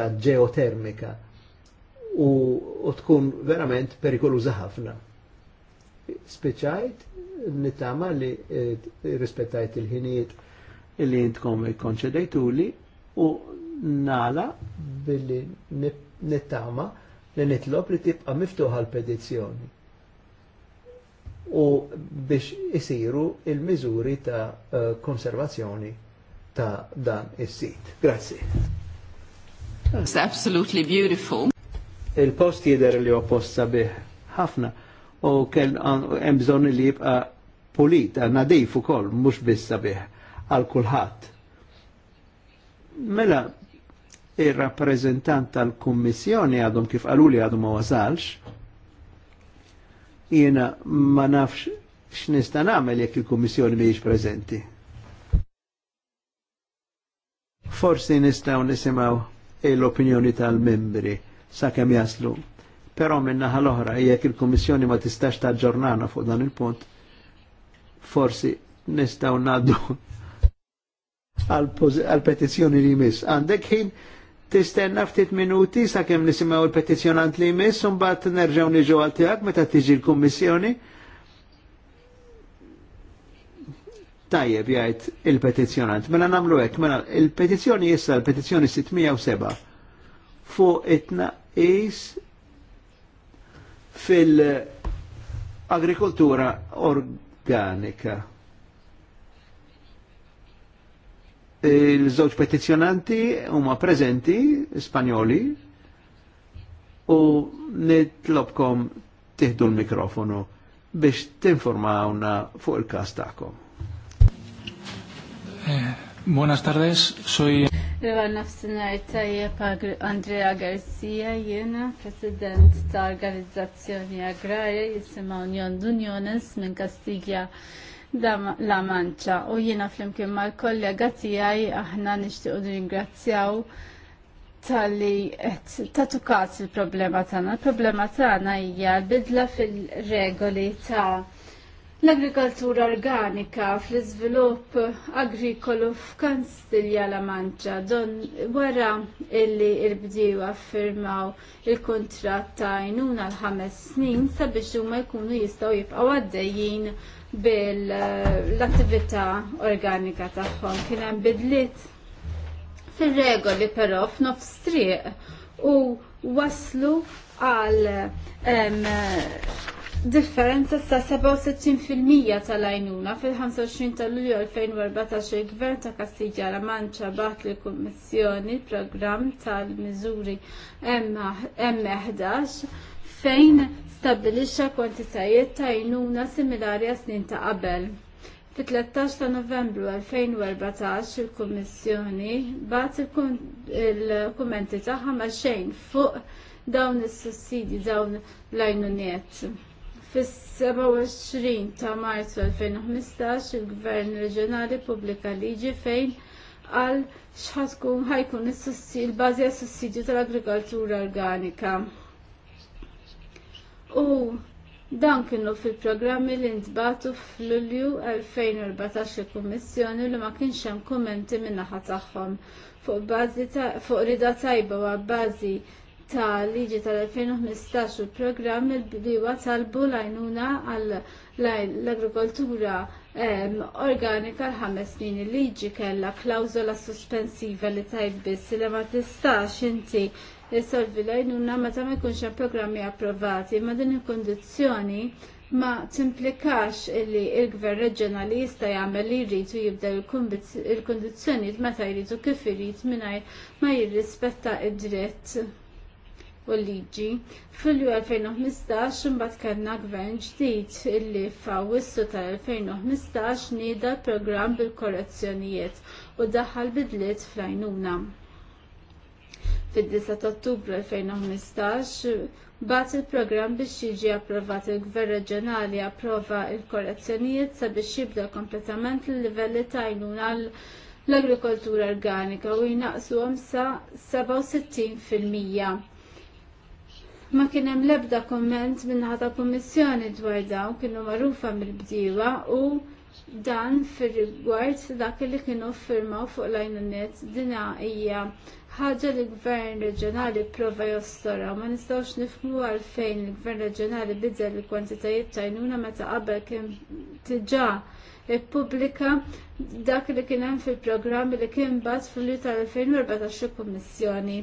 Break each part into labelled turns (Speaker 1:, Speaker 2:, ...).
Speaker 1: ta' ġeotermika u, u tkun verament perikoluża ħafna. Speċajt nittama li eh, rispettajt il-ħinijiet li jintkom konċedajtu li u nala billi nittama li nitlob li tibqa miftuħa l-petizzjoni u biex isiru il mizuri ta' eh, konservazzjoni ta' dan is-sit. Grazie. It's absolutely beautiful. Il-post jider li ho post sabiħ ħafna u kell hemm bżonn li jibqa' pulit, nadif ukoll, mhux biss sabiħ għal kulħadd. Mela ir-rappreżentant tal-Kummissjoni għadhom kif qaluli għadhom ma wasalx, jiena ma nafx x'nista' nagħmel jekk il-Kummissjoni mhijiex preżenti. Forsi nistgħu nisimgħu l-opinjoni tal-membri sakemm jaslu. Però minna l oħra jekk il kummissjoni ma tistax taġġornana fuq dan il-punt, forsi nistgħu ngħaddu għal-petizjoni li jmiss. Għandek ħin tistenna ftit minuti sakemm nisimgħu l-petizzjonant li jmiss, un bat nerġgħu niġu għal tiegħek meta tiġi l-Kummissjoni Tajjeb jgħid il-petizzjonant. Mela nagħmlu hekk, mela il-petizzjoni issa l-petizzjoni 607 fuq it-tnaqqis fil-agrikoltura organika. Il-żewġ petizzjonanti huma preżenti Spanjoli u nitlobkom tiħdu l-mikrofonu biex tinformawna fuq il-każ tagħkom.
Speaker 2: Eh, buenas tardes, soy...
Speaker 3: Riva nafsinar tajjeb Andrea Garcia, jena president ta' organizzazzjoni agrarja jisima Union Dunjones minn Kastigja la Manċa u jiena flimkien mal-kollega tiegħi aħna nixtiequ ringrazzjaw tal-li tatukat il-problema tagħna. Il-problema tagħna hija l-bidla fil-regoli ta' L-agrikoltura organika fl-iżvilupp agrikolu f'Kanstilja la Manċa don wara illi l bdiju affirmaw il kontrat ta' għajnuna l-ħames snin sabiex huma jkunu jistgħu jibqgħu għaddejjin bil-attività organika tagħhom. Kien hemm bidliet fir-regoli però f'nofs triq u waslu għal Differenza sa' 67% tal-għajnuna fil-25 ta' Lulju 2014 il-Gvern ta' Kastigja la Manċa bat li kummissjoni program tal-Miżuri M11 e e fejn stabilixxa kwantitajiet ta' għajnuna similari snin ta' qabel. Fit-13 ta' Novembru 2014 il-Kummissjoni bat il-kummenti ta' ma' xejn fuq dawn is-sussidi dawn l-għajnuniet Fis-27 ta' Marzu 2015 il-Gvern Reġjonali pubblika liġi fejn għal xħatkun ħajkun il-bazi għas sussidju tal-agrikoltura organika. U dan kienu fil-programmi li ntbatu fl-Lulju 2014 il-Kummissjoni li ma kienx hemm kummenti min-naħa tagħhom fuq bażi fuq rida tajba u bażi ta' liġi tal-2015 u l-programm il-bdiewa talbu l-għajnuna għall-agrikoltura organika l-ħames snin il-liġi kellha klawżola suspensiva li tajt biss li ma tistax inti jissolvi l-għajnuna meta ma jkunx hemm programmi approvati ma din il kundizzjoni ma timplikax li l gvern reġjonali jista' jagħmel li jridu jibda il-kundizzjonijiet meta jridu kif irid mingħajr ma jirrispetta id-dritt u liġi liġi F'Lulju 2015 imbagħad kellna gvern ġdid illi f'Awwissu tal-2015 nieda l-programm bil-korrezzjonijiet u daħal bidliet fl-għajnuna. fid 10 ta' Ottubru 2015 bat il-programm biex jiġi approvat il-Gvern Reġjonali approva l korrezzjonijiet sabiex jibda kompletament l-livelli ta' għajnuna l-agrikoltura organika u jnaqsu sa 67 fil-mija ma kien hemm l-ebda komment minnaħa ta' kummissjoni dwar dawn kienu magħrufa mill-bdiewa u dan fir-rigward dak li kienu ffirmaw fuq l-ajnunet dina hija ħaġa li gvern reġjonali prova jostora ma nistgħux nifhmu għalfejn il-gvern reġjonali bidel il-kwantitajiet tajnuna meta qabel kien tiġà ippubblika dak li kien hemm fil-programm li kien bat fil li tal-2014 kummissjoni.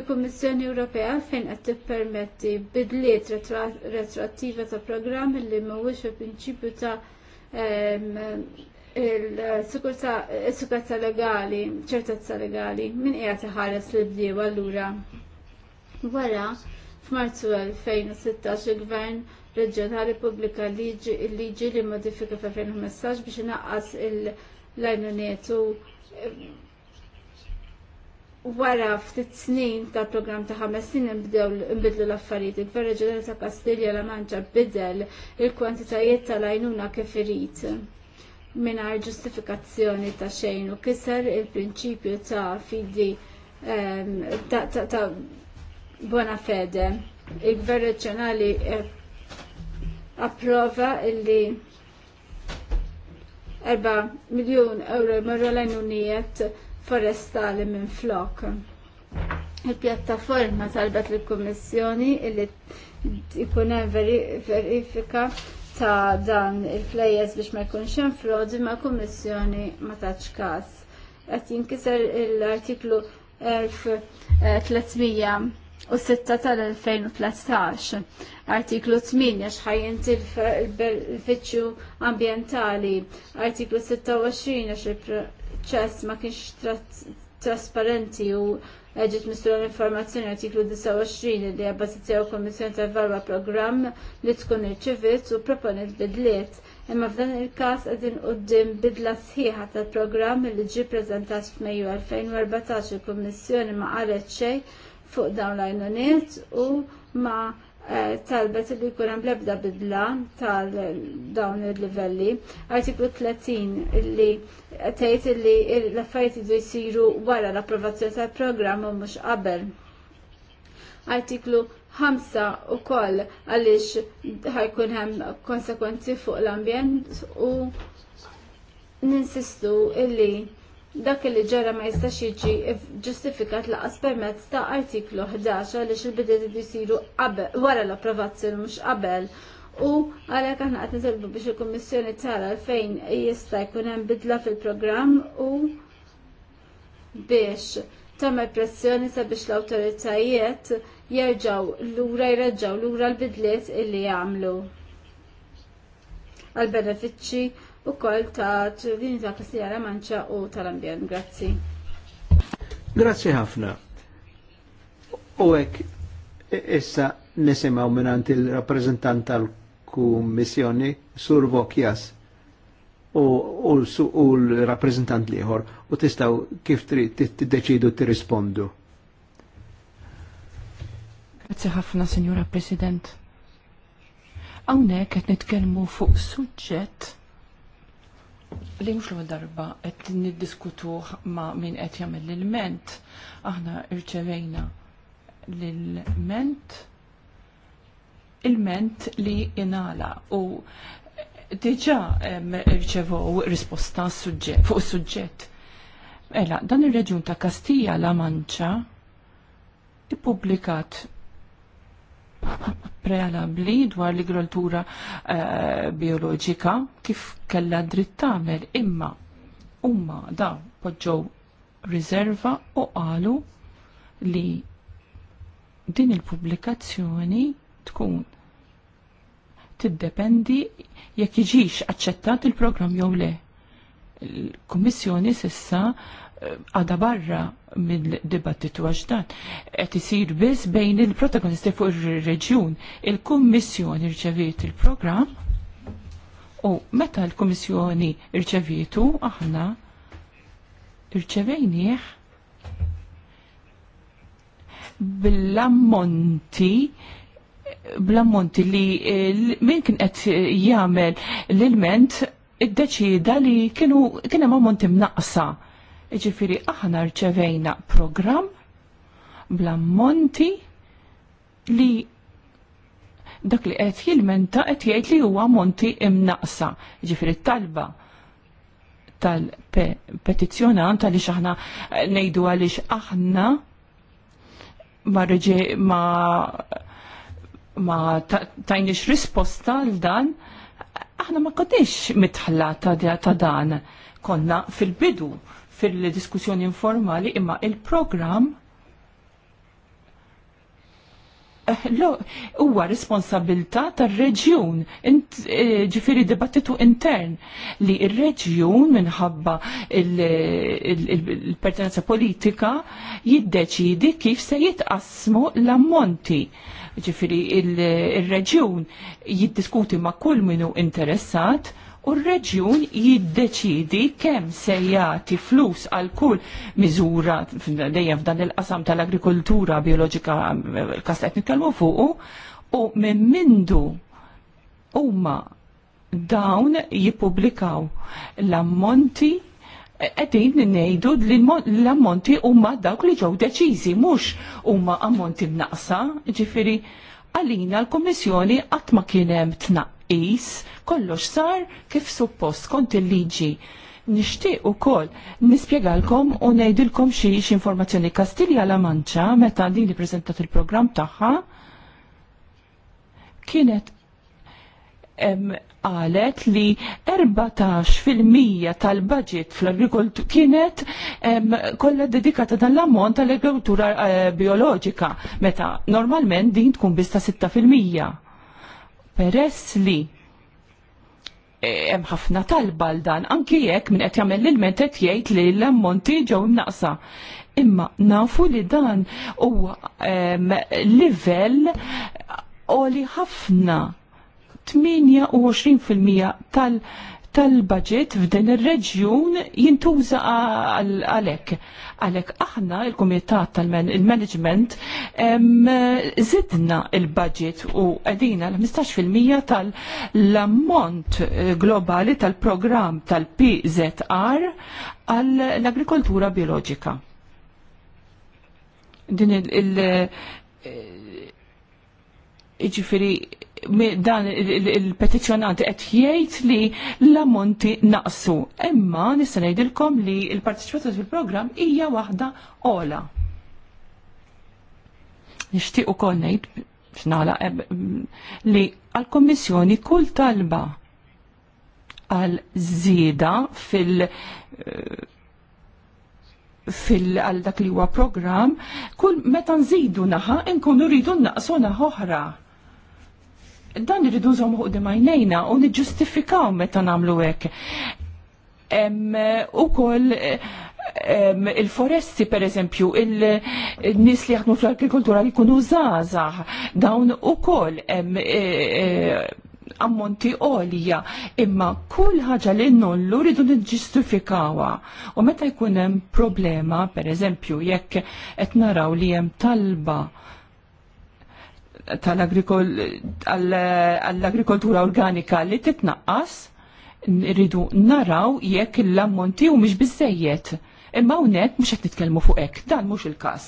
Speaker 3: Il-Kummissjoni Ewropea fejn qed tippermetti bidliet retroattiva ta' programm li mhuwiex il-prinċipju ta' il-sikurezza legali, ċertezza legali, min qiegħed iħares li bdiew allura. Wara f'Marzu 2016 il-Gvern Reġjonali pubblika liġi li modifika fil-2015 biex inaqqas il-lajnunietu wara ftit snin tal-programm ta' ħames snin bdew nbidlu l-affarijiet. Il-Gvern Reġjonali ta' Kastilja la Manġa bidel il-kwantitajiet tal-għajnuna kif irid mingħajr ġustifikazzjoni ta' xejn u kiser il-prinċipju ta' fidi ta' bona fede. Il-Gvern Reġjonali eh, approva illi 4 miljun euro jmorru l-għajnunijiet forestali minn flok. Il-pjattaforma talbet lill kummissjoni illi ikun hemm verifika ta' dan il flejes biex ma jkunx hemm frodi ma' kummissjoni ma tax każ. Qed jinkiser l-artiklu 1306 tal-2013, artiklu 8 xħajjent il-fittxu ambientali, artiklu 26 ċess ma kienx trasparenti u ġiet mistura l-informazzjoni artiklu 29 li u kommissjoni ta' varwa program li tkun irċivit u proponit bidliet. Imma f'dan il-kas għedin d-dim bidla sħiħa tal-program li ġi prezentat f'Mejju 2014 il-Kommissjoni ma qalet xejn fuq dawn l-għajnuniet u ma' Eh, talbet li jkun hemm l-ebda bidla tal dawn il-livelli. Artiklu 30 li tgħid li l-affarijiet idu jsiru wara l-approvazzjoni tal-programm u mhux qabel. Artiklu 5 koll għaliex ħajkun hemm konsekwenzi fuq l-ambjent u ninsistu illi dak li ġara ma jistax jiġi ġustifikat laqas permezz ta' artiklu 11 li xil bideli jisiru wara l-approvazzjoni mhux qabel. U għalhekk aħna qed nitilbu biex il-Kummissjoni tara fejn jista' jkun hemm bidla fil-programm u biex tagħmel pressjoni sabiex l-awtoritajiet jerġgħu lura jreġgħu lura l-bidliet illi jagħmlu għal benefiċċji u koll ta' ċivini ta' Kastilja Manċa u tal ambjen Grazzi.
Speaker 1: Grazzi ħafna. U hekk e, issa nisimgħu minant il-rappreżentant tal-Kummissjoni Sur Vokjas u l-rappreżentant liħor u tistaw kif t-deċidu t rispondu
Speaker 2: Grazzi ħafna, Signora President. Għawnek għet nitkelmu fuq suġġett li mux l darba qed niddiskutu ma' min qed jagħmel l-ment, aħna irċevejna l-ment il-ment li inala u diġa irċevow risposta fuq suġġet. suġġett Ela, dan ir-reġjun ta' Kastija la Manċa ippubblikat prealabli dwar l-agrikoltura uh, eh, bioloġika kif kella dritt tagħmel imma huma da poġġew riserva u qalu li din il-pubblikazzjoni tkun tiddependi jekk jiġix aċċettat il-programm jew le il-Kummissjoni sissa eh, għada barra mill-dibattitu għax dan. Qed isir biss bejn il-protagonisti fuq ir-reġjun. Il-Kummissjoni rċeviet il-programm u meta l-Kummissjoni rċevietu aħna rċevejnieh bl-ammonti bl-ammonti li eh, min kien qed jagħmel l-ilment iddeċida li kienu kien hemm ammont imnaqsa. Ġifieri aħna rċevejna programm bl-ammonti li dak li qed jilmenta qed jgħid li huwa monti imnaqsa. Iġifiri, talba tal-petizzjonant għaliex aħna ngħidu għaliex aħna ma reġi ma ma tajniex risposta l dan aħna ma kodix mitħalla ta' dan. Konna fil-bidu fil-diskussjoni informali imma il-program eh, Lo, huwa responsabilità tar-reġjun, eh, ġifiri dibattitu intern li il reġjun minħabba il-pertenenza politika jiddeċidi kif se jitqasmu l-ammonti ġifiri il-reġjun jiddiskuti ma' kull minu interessat u r-reġjun jiddeċidi kemm se jagħti flus għal kull miżura dejjem f'dan il-qasam tal-agrikoltura bioloġika kas qed nitkellmu fuqu u minn mindu huma dawn jippubblikaw l-ammonti għedin ngħidu li l-ammonti huma dawk li ġew deċiżi mhux huma ammonti mnaqsa, ġifiri, għalina l komissjoni qatt ma kien hemm tnaqqis, kollox sar kif suppost kont il-liġi. Nixtieq ukoll nispjegalkom u ngħidilkom xi informazzjoni Kastilja la Manċa meta din li prezentat il-programm tagħha kienet qalet li 14% tal-budget fl-agrikoltura kienet kollha dedikata dan l-ammont tal-agrikoltura eh, bioloġika, meta normalment din tkun bista 6%. Peress li hemm eh, ħafna talba l dan anki jekk min qed jagħmel l-ilment qed jgħid li l-ammonti ġew naqsa. Imma nafu li dan huwa livell oli ħafna 28% tal- tal-budget f'din ir-reġjun jintuża għalhekk. Għalhekk aħna il-kumitat tal-management zidna il-budget u għedina l-15% tal-ammont eh, globali tal-programm tal-PZR għall-agrikoltura bioloġika. Din il- eh, ġifiri dan il-petizjonanti qed jgħid li l-ammonti naqsu. Imma nista' ngħidilkom li l-partiċipazzjoni fil-programm hija waħda ola. Nixtieq ukoll ngħid x'nala li għall-Kommissjoni kull talba għal żieda fil- eh, fil għal dak li huwa programm, kull meta nżidu naħa nkunu rridu naqsu naħa oħra dan irridu nżommu u għajnejna u niġġustifikaw meta nagħmlu hekk. U koll il-foresti per eżempju, il-nis li jaħdmu fl-agrikoltura li jkunu zazax, dawn u koll e, e, ammonti olja, imma kull ħaġa li nollu rridu nġistifikawa. U meta jkun hemm problema, per eżempju, jekk qed naraw li hemm talba tal-agrikoltura organika li titnaqqas rridu naraw jekk l-ammonti u mhux biżejjed. Imma hawnhekk mhux qed nitkellmu fuq hekk, dan mhux il-każ.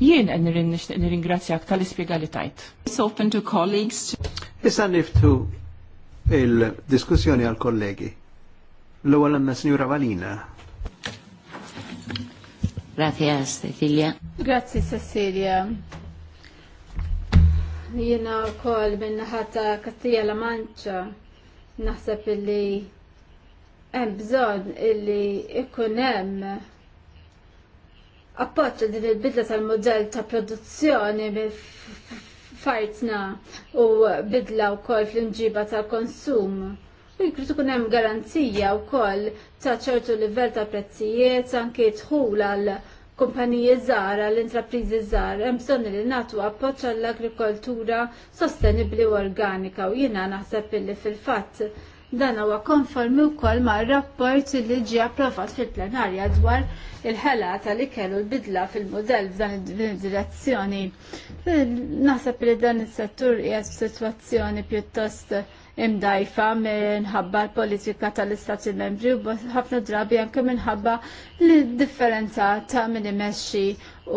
Speaker 2: Jien qed nirringrazzjak tal-ispjega li tajt. open to colleagues.
Speaker 1: Issa niftu il-diskussjoni għal kollegi. L-ewwel għandna Sinjura Valina.
Speaker 3: Grazie Cecilia. Grazie Cecilia. Jiena wkoll min-naħa ta' kattija La Manċa naħseb illi hemm bżonn illi ikun hemm appoġġa din il-bidla tal-modell ta' produzzjoni fartna u bidla u kol fl inġiba tal-konsum. U jkritu kunem garanzija u kol ta' ċertu livell ta' prezzijiet anke tħul għal kumpaniji Zara, l-intrapriżi żgħar hemm bżonn li nagħtu appoġġ għall-agrikoltura sostenibbli u organika u jiena naħseb illi fil-fatt dan huwa konformi wkoll ma' rapport li ġie approvat fil-plenarja dwar il-ħelata li kellu l-bidla fil-modell f'dan id-direzzjoni. Naħseb li dan is-settur hija situazzjoni pjuttost imdajfa minħabba l-politika tal-istati membri u ħafna drabi anke minħabba l-differenza ta' min imexxi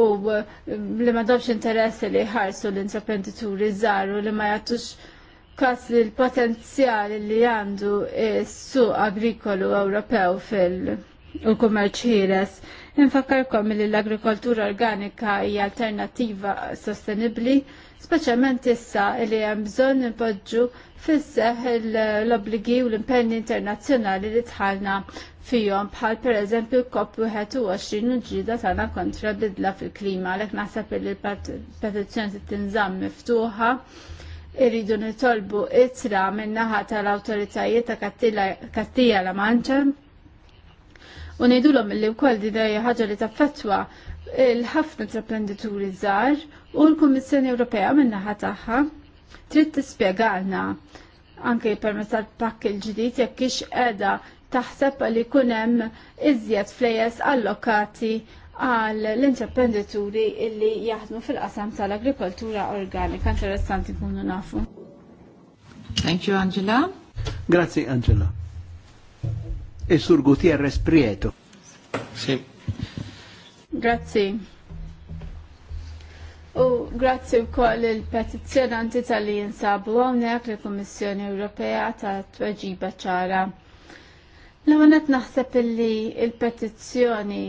Speaker 3: u mm, li ma dobx interess li ħarsu l-intraprenditori zaru li ma jattux kas li l-potenzjal li għandu s-suq agrikolu Ewropew fil- kummerċ ħieles Infakkarkom li l-agrikoltura organika hija alternativa sostenibbli, speċjalment issa li hemm bżonn nipoġġu fisseħ l-obbligi u l-impenni internazzjonali li tħallna fihom bħal pereżempju COP21 u ġida tagħna kontra bidla fil-klima għalhekk naħseb li l-petizzjoni tinżamm miftuħa irridu nitolbu itra min-naħa tal-awtoritajiet ta' Kattija la Manċa u ngħidulhom li wkoll di dejja ħaġa li taffettwa il-ħafna intraprendituri żgħar u l-Kummissjoni Ewropea min-naħa tagħha trid tispjegalna anke permezz tal-pakk il-ġdid jekk ix qiegħda taħseb li jkun hemm iżjed flejes allokati għal l-intraprenditori illi jaħdmu fil-qasam tal-agrikoltura organika. Interessanti kunu nafu.
Speaker 1: Thank you, Angela. Grazie, Angela il-Sur e Gutierrez Prieto. Sì.
Speaker 3: Grazzi. U grazzi u koll il-petizjonanti tal-li jinsabu għonek li Komissjoni Ewropea ta' tweġiba ċara. L-għonet naħseb li il-petizjoni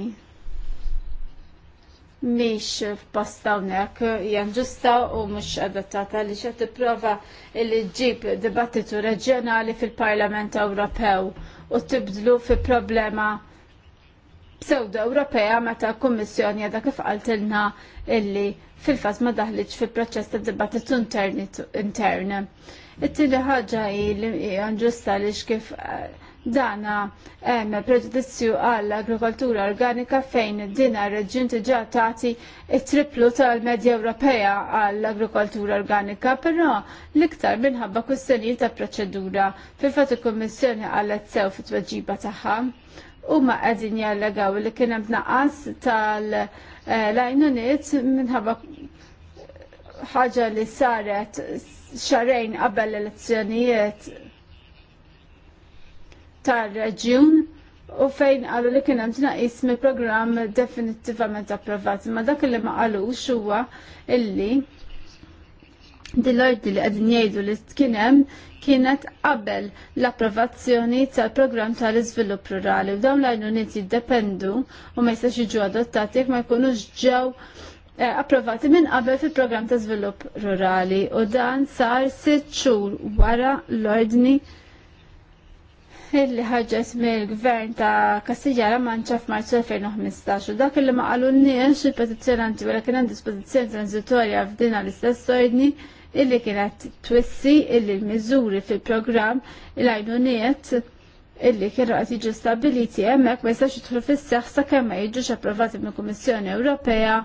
Speaker 3: miex f'posta hawnhekk hija ġusta u mhux adattata li xa tipprova il ġib dibattitu reġjonali fil-Parlament Ewropew u tibdlu fi problema pseudo Ewropea meta l-Kummissjoni għadha kif għaltilna illi fil-fatt ma daħliċ fi proċess ta' dibattitu intern. It-tieni ħaġa hi li ġusta li kif dana hemm preġudizzju għall agrikoltura organika fejn dina reġjun diġà tagħti triplu tal-medja Ewropea għall agrikoltura organika, però l-iktar minħabba kwistjonijiet ta' proċedura fil-fatt il-Kummissjoni qalet sew fit-tweġiba tagħha u ma qegħdin jallegaw li kien hemm naqas tal-lajnuniet minħabba ħaġa li saret xarejn qabel l-elezzjonijiet tar-reġjun u fejn qalu li kien hemm tnaqis mill-programm definittivament approvat. Ma dak li ma qalux huwa illi dil-ordi li għedin jgħidu li kienem kienet qabel l-approvazzjoni tal-programm tal-iżvilupp rurali u dawn l-għajnuniet jiddependu u ma jistax jiġu adottati jekk ma jkunux ġew eh, approvati minn qabel fil-programm ta' żvilupp rurali u dan sar sitt xhur wara l-ordni illi ħarġet mill-gvern ta' Kassija la Manċa f'Marzu 2015 u dak illi ma qalunniex il-petizzjonanti wara kien hemm dispożizzjoni transitorja f'dina l-istess ordni illi kienet twissi illi l-miżuri fil-programm il għajnuniet illi kienu qed jiġu stabiliti hemmhekk ma jistax jidħlu fis-seħħ sakemm ma jiġux approvati mill-Kummissjoni Ewropea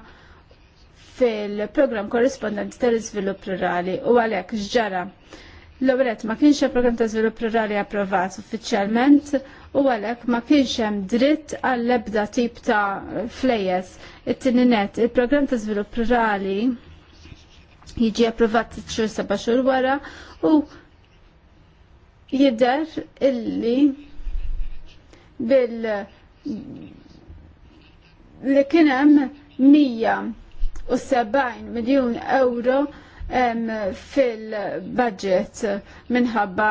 Speaker 3: fil-programm korrispondenti tal-iżvilupp rurali u għalhekk x'ġara. L-ewwel ma kienx hemm program ta' żvilupp rurali approvat uffiċjalment u għalhekk ma kienx hemm dritt għall ebda tip ta' flejes. it tininet il-programm ta' żvilupp rurali jiġi approvat xhur seba' xhur wara u jidher illi bil li kien hemm 170 miljun euro fil-budget minħabba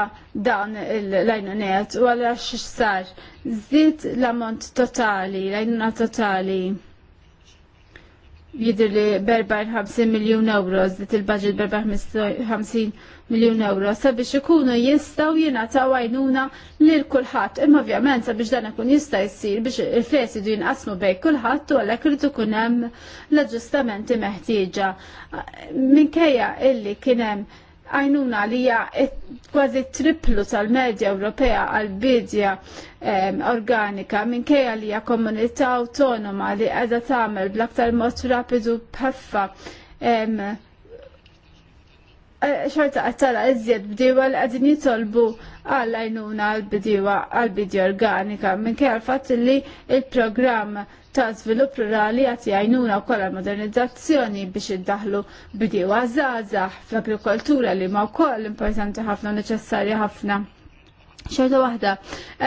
Speaker 3: dan l-lajnunet u għalax x-sar. Zid l-ammont totali, l għajnuna totali jidir li berba 50 miljon euro, zdit il-budget berbar 50 miljon euro, sabiex ikunu jistaw jina ta' għajnuna lil kulħadd. Imma ovvjament sabiex dan ikun jista' jsir biex il fess idu jinqasmu bej kulħadd u għalhekk irid ikun hemm l-aġġustamenti meħtieġa. Minkejja illi kien hemm għajnuna li hija kważi triplu tal-medja Ewropea għal-bidja organika minkejja li hija komunità autonoma li qiegħda tagħmel bl-aktar mod rapidu bħaffa e, xorta għattara iżjed bdiwa li għadin jitolbu għall-għajnuna għal-bidja organika minkejja l-fatt li il-programm ta' svilupp rurali għat jajnuna u kolla modernizzazzjoni biex iddaħlu bidi għazazax fl-agrikoltura li ma' koll importanti ħafna neċessarja ħafna. ċerta waħda,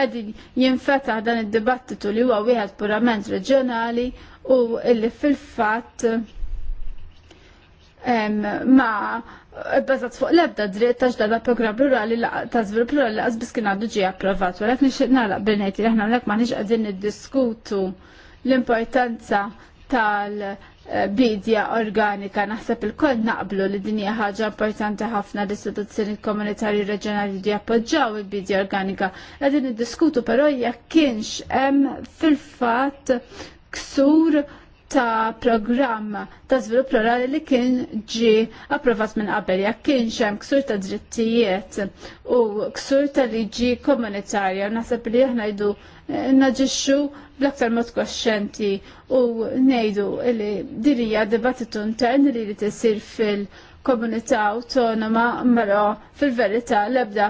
Speaker 3: għadi jinfetaħ dan id-dibattitu li huwa wieħed purament reġjonali u illi fil-fatt ma' Bazzat fuq lebda dritt ta' ġdada program rurali ta' Zvilupp rurali għazbis kien għadu ġi approvat, u għalek nixtieq nagħlaq b'nejti li aħna għalek ma nix qegħdin niddiskutu l-importanza tal- bidja organika naħseb il-koll naqblu li dinja ħaġa importanti ħafna l-istituzzjoni komunitarji reġjonali li appoġġaw il-bidja organika. Qegħdin diskutu però jekk kienx hemm fil-fatt ksur ta' programm ta' żvilupp rurali li kien ġi approvat minn qabel jekk kien hemm ksur ta' drittijiet u ksur ta' liġi komunitarja u naħseb li aħna jdu eh, naġixxu bl-aktar mod koxxenti u ngħidu li din hija dibattitu intern li li tisir fil- komunità autonoma mero fil-verità l-ebda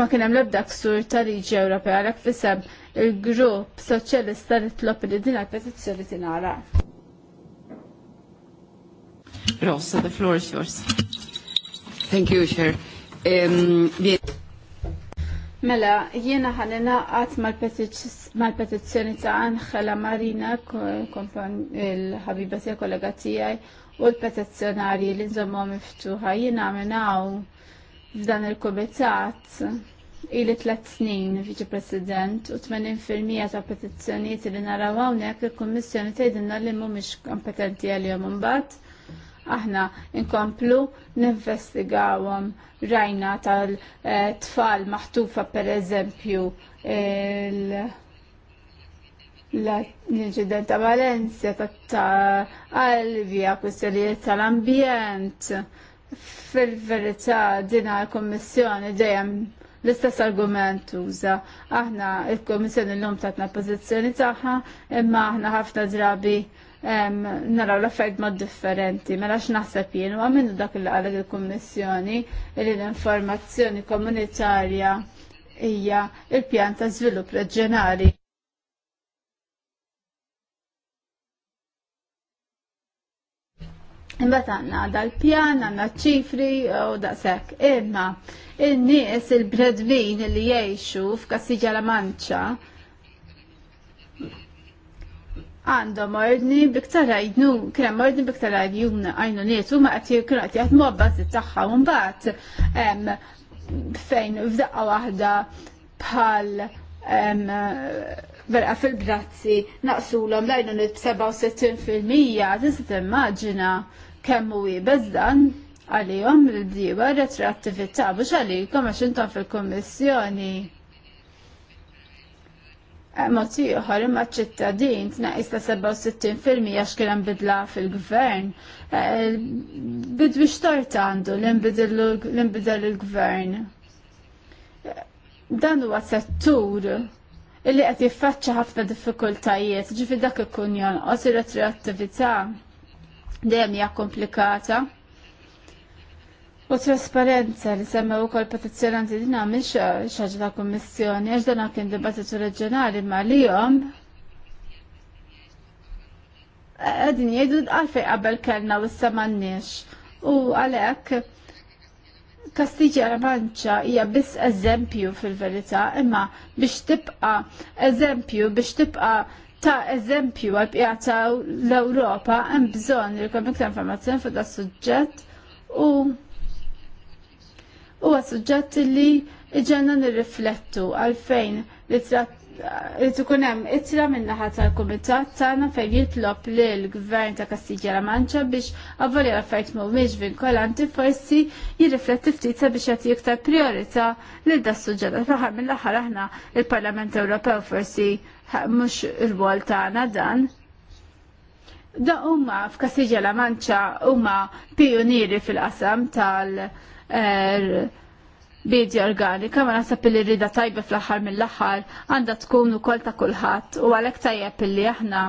Speaker 3: ma kien hemm l-ebda ksur ta' liġi Ewropea għalhekk fisem il-grupp soċjalista li tlob li din il-petizzjoni tingħalaq.
Speaker 2: Rosa, the floor is yours. Thank you, Chair. Um,
Speaker 3: Mela, jiena ħanina għat mal-petizzjoni ta' Anxela Marina, il-ħabiba kollega tijaj, u l-petizzjonari li nżommu miftuħa. Jiena għaminaw f'dan il-komitat ili tlet snin viċi president u 80% ta' petizzjoniet li naraw hawnhekk il-Kummissjoni tgħidilna li mhumiex kompetenti għalihom mbagħad aħna inkomplu ninvestigawhom rajna tal-tfal maħtufa per eżempju l-inċident ta' Valencia, ta' Alvia, kwistjonijiet tal-ambjent. Fil-verità dina l-Kommissjoni dejjem l-istess argument uża. Aħna il-Kommissjoni l-lum tatna pożizzjoni tagħha, imma aħna ħafna drabi naraw l-affarijiet mod differenti, mela x'naħseb jien u għamendu dak li qalet il-Kummissjoni li l-informazzjoni komunitarja hija il-pjan ta' żvilupp reġjonali. Imbagħad għandna dal-pjan, għandna ċifri u daqshekk. Imma in-nies il-bredvin li jgħixu f'Kassiġa la Manċa għandhom ordni biktar għajdnu, kienem ordni biktar għajdnu għajnu nietu ma għatju kienu għatju għatmu għabbazzi un bat fejn f'daqqa wahda bħal verqa fil-brazzi naqsulom lajnu nit fil-mija tista timmaġina kemm huwi bezdan għalihom l-bdiewa retroattività biex għalikom għax intom fil-kummissjoni Eh, Mozzi ieħor imma ċittadin tnaqis ta' 67% għax kien bidla fil-gvern. Eh, Bidwi xtort għandu l imbidel il-gvern. Eh, dan huwa settur illi qed jiffaċċa ħafna diffikultajiet, ġifi dak ikun jonqos ir-retroattività dejjem hija komplikata. U trasparenza li semma ukoll petizzjonanti din għamil xaġa ta' kummissjoni għax dana kien dibattitu reġjonali ma' jom. għadin jgħidu għalfej qabel kellna u issa m'għandniex. U għalhekk Kastigja Manċa hija biss eżempju fil-verità, imma biex tibqa' eżempju biex tibqa' ta' eżempju għal pjata l-Ewropa hemm bżonn li jkun iktar informazzjoni fuq da' suġġett u huwa suġġett li iġanna nirriflettu għalfejn li li tkun hemm itra min-naħa tal-kumitat tagħna fejn jitlob l gvern ta' Kastigja la Manċa biex avvalja l-affarijiet mhumiex vinkolanti forsi jirrifletti ftit sabiex jagħti iktar priorità lil da suġġett. Fl-aħħar mill-aħħar aħna il-Parlament Ewropew forsi mhux ir-rwol tagħna dan. Da huma f'Kastigja la Manċa huma pionieri fil-qasam tal- Er, bidja organika, ma nasab li rida tajba fl-axar mill-axar, għanda tkun u kol ta' kullħat, u għalek tajjeb li aħna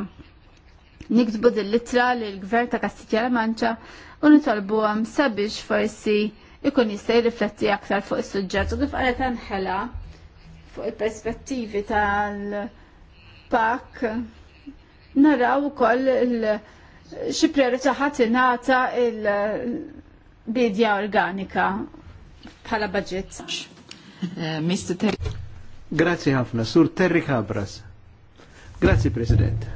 Speaker 3: nikdbu dil-litra li l-gvern ta' Kastikja la Manċa u nitalbu għam sabiex forsi ikun jistaj rifletti aktar fuq il-sujġet u kif għalet nħela fuq il-perspettivi tal-pak naraw u koll xie priorità ħatinata il- bidja organika bħala budget.
Speaker 1: Eh, Mr. Terry. Grazie ħafna, Sur Terry Cabras. Grazie President.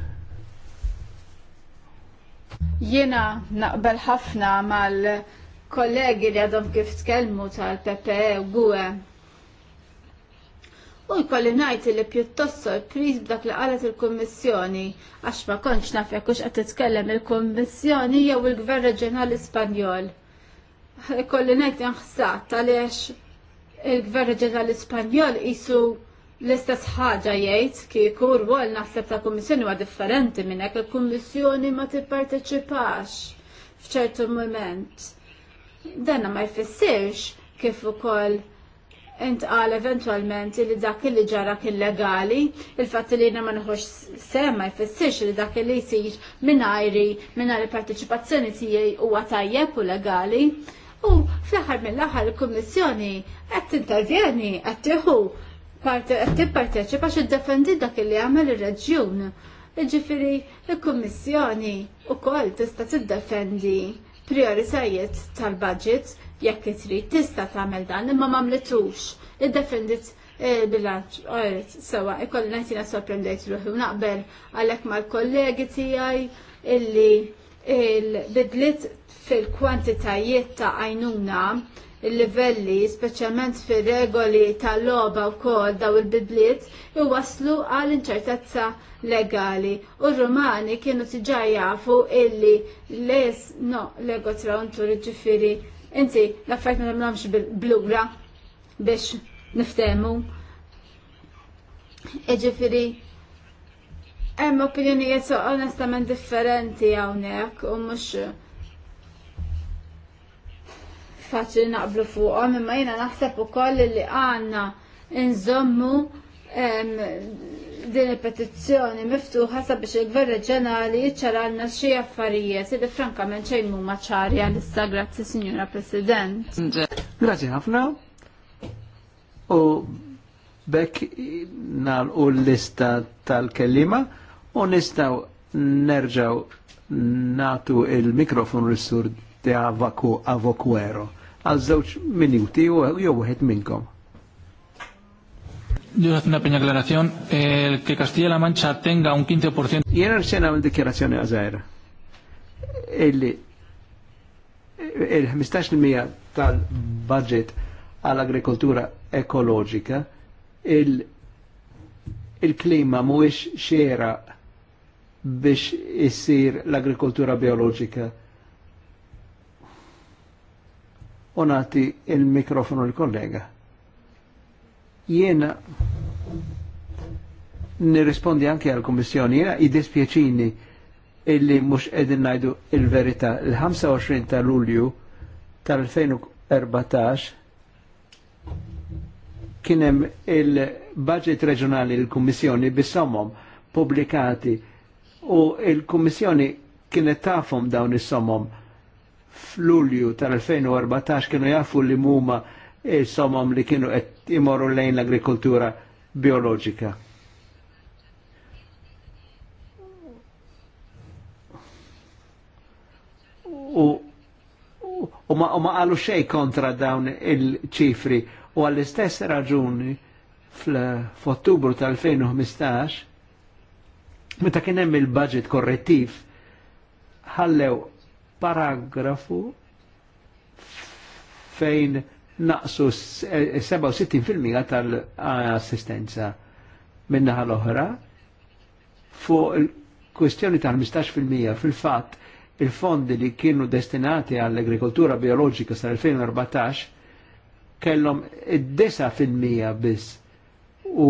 Speaker 3: Jena naqbel ħafna mal-kollegi li għadhom kif tkellmu tal-PPE u GUE. U jkolli najt li pjuttost sorpriż b'dak li qalet il-Kummissjoni għax ma kontx naf jekk qed titkellem il-Kummissjoni jew il-Gvern Reġjonali Spanjol kolli ngħid inħsat għaliex il-Gvern Ġenerali ispanjol isu l-istess ħaġa jgħid kieku rwol naħseb ta' kummissjoni huwa differenti minn hekk il-kummissjoni ma tipparteċipax f'ċertu mument. Danna ma jfissirx kif ukoll intqal eventualment li dak li ġara kien legali, il-fatt li jiena ma nħoċ sem ma jfissirx li dak li jsir mingħajri mingħajr il-parteċipazzjoni tiegħi huwa tajjeb u legali, U fl-aħħar mill-aħħar il-Kummissjoni qed tintervjeni qed tieħu qed tipparteċipa xi defendi dak li jagħmel ir-reġjun. Jiġifieri il-Kummissjoni wkoll tista' tiddefendi prioritajiet tal-budget jekk trid tista' tagħmel dan imma m'għamlitux. Iddefendit e, bilanċ, sewa, ikolli najtina sorprendejt ruħi u naqbel għalek mal kollegi tijaj illi il-bidlit fil-kwantitajiet ta' għajnuna il-livelli, speċjalment fil-regoli tal-loba u kol daw il-bidliet, iwaslu għal inċertezza legali. U r-Rumani kienu diġà jafu illi les no lego trauntur ġifiri. Inti, laffajt ma namlamx blura biex niftemu. E ġifiri, hemm opinjonijiet so onestament differenti hawnhekk u mhux faċli naqblu fuqhom, imma jiena naħseb ukoll li għandna nżommu din il-petizzjoni miftuħa sabiex il-gvern reġjonali jiċċaralna xi affarijiet franka frankament xejn huma ċari għalissa grazzi Signora President.
Speaker 1: Grazzi ħafna. U bekk nagħlqu l-lista tal-kellima u nistgħu nerġaw natu il-mikrofon rissur de avaku avokuero għal żewġ minuti u jew wieħed minnkom.
Speaker 2: Yo hago una pequeña aclaración. El eh, que Castilla-La Mancha tenga un 15%.
Speaker 1: Y era el xena għamil dikjerazzjoni għazajra. El, il-15% tal-budget a la għall-agrikoltura el il-klima mhuwiex xera biex isir la agricultura biológica. u nati il-mikrofonu l-kollega. Jiena nirrispondi anke għal kommissjoni jiena dispieċini illi mhux qegħdin ngħidu il-verità. Il-25 ta' Lulju tal-2014 kien hemm il-budget regionali l kommissjoni bis sommom pubblikati u l kommissjoni kienet tafhom dawn is sommom fl-Ulju tal-2014 kienu jafu li muma il-somom li kienu qed imorru lejn l-agrikoltura biologika. U, u, u ma, ma għalu xej kontra dawn il-ċifri u għall-istess raġuni fl-Ottubru tal-2015 meta kien hemm il-budget korrettiv ħallew paragrafu fejn naqsu 67% eh, tal-assistenza minnaħa l-oħra fuq il-kwestjoni tal-15% fil-fat il-fondi li kienu destinati għall-agrikoltura biologika sal-2014 kellhom id-9% biss u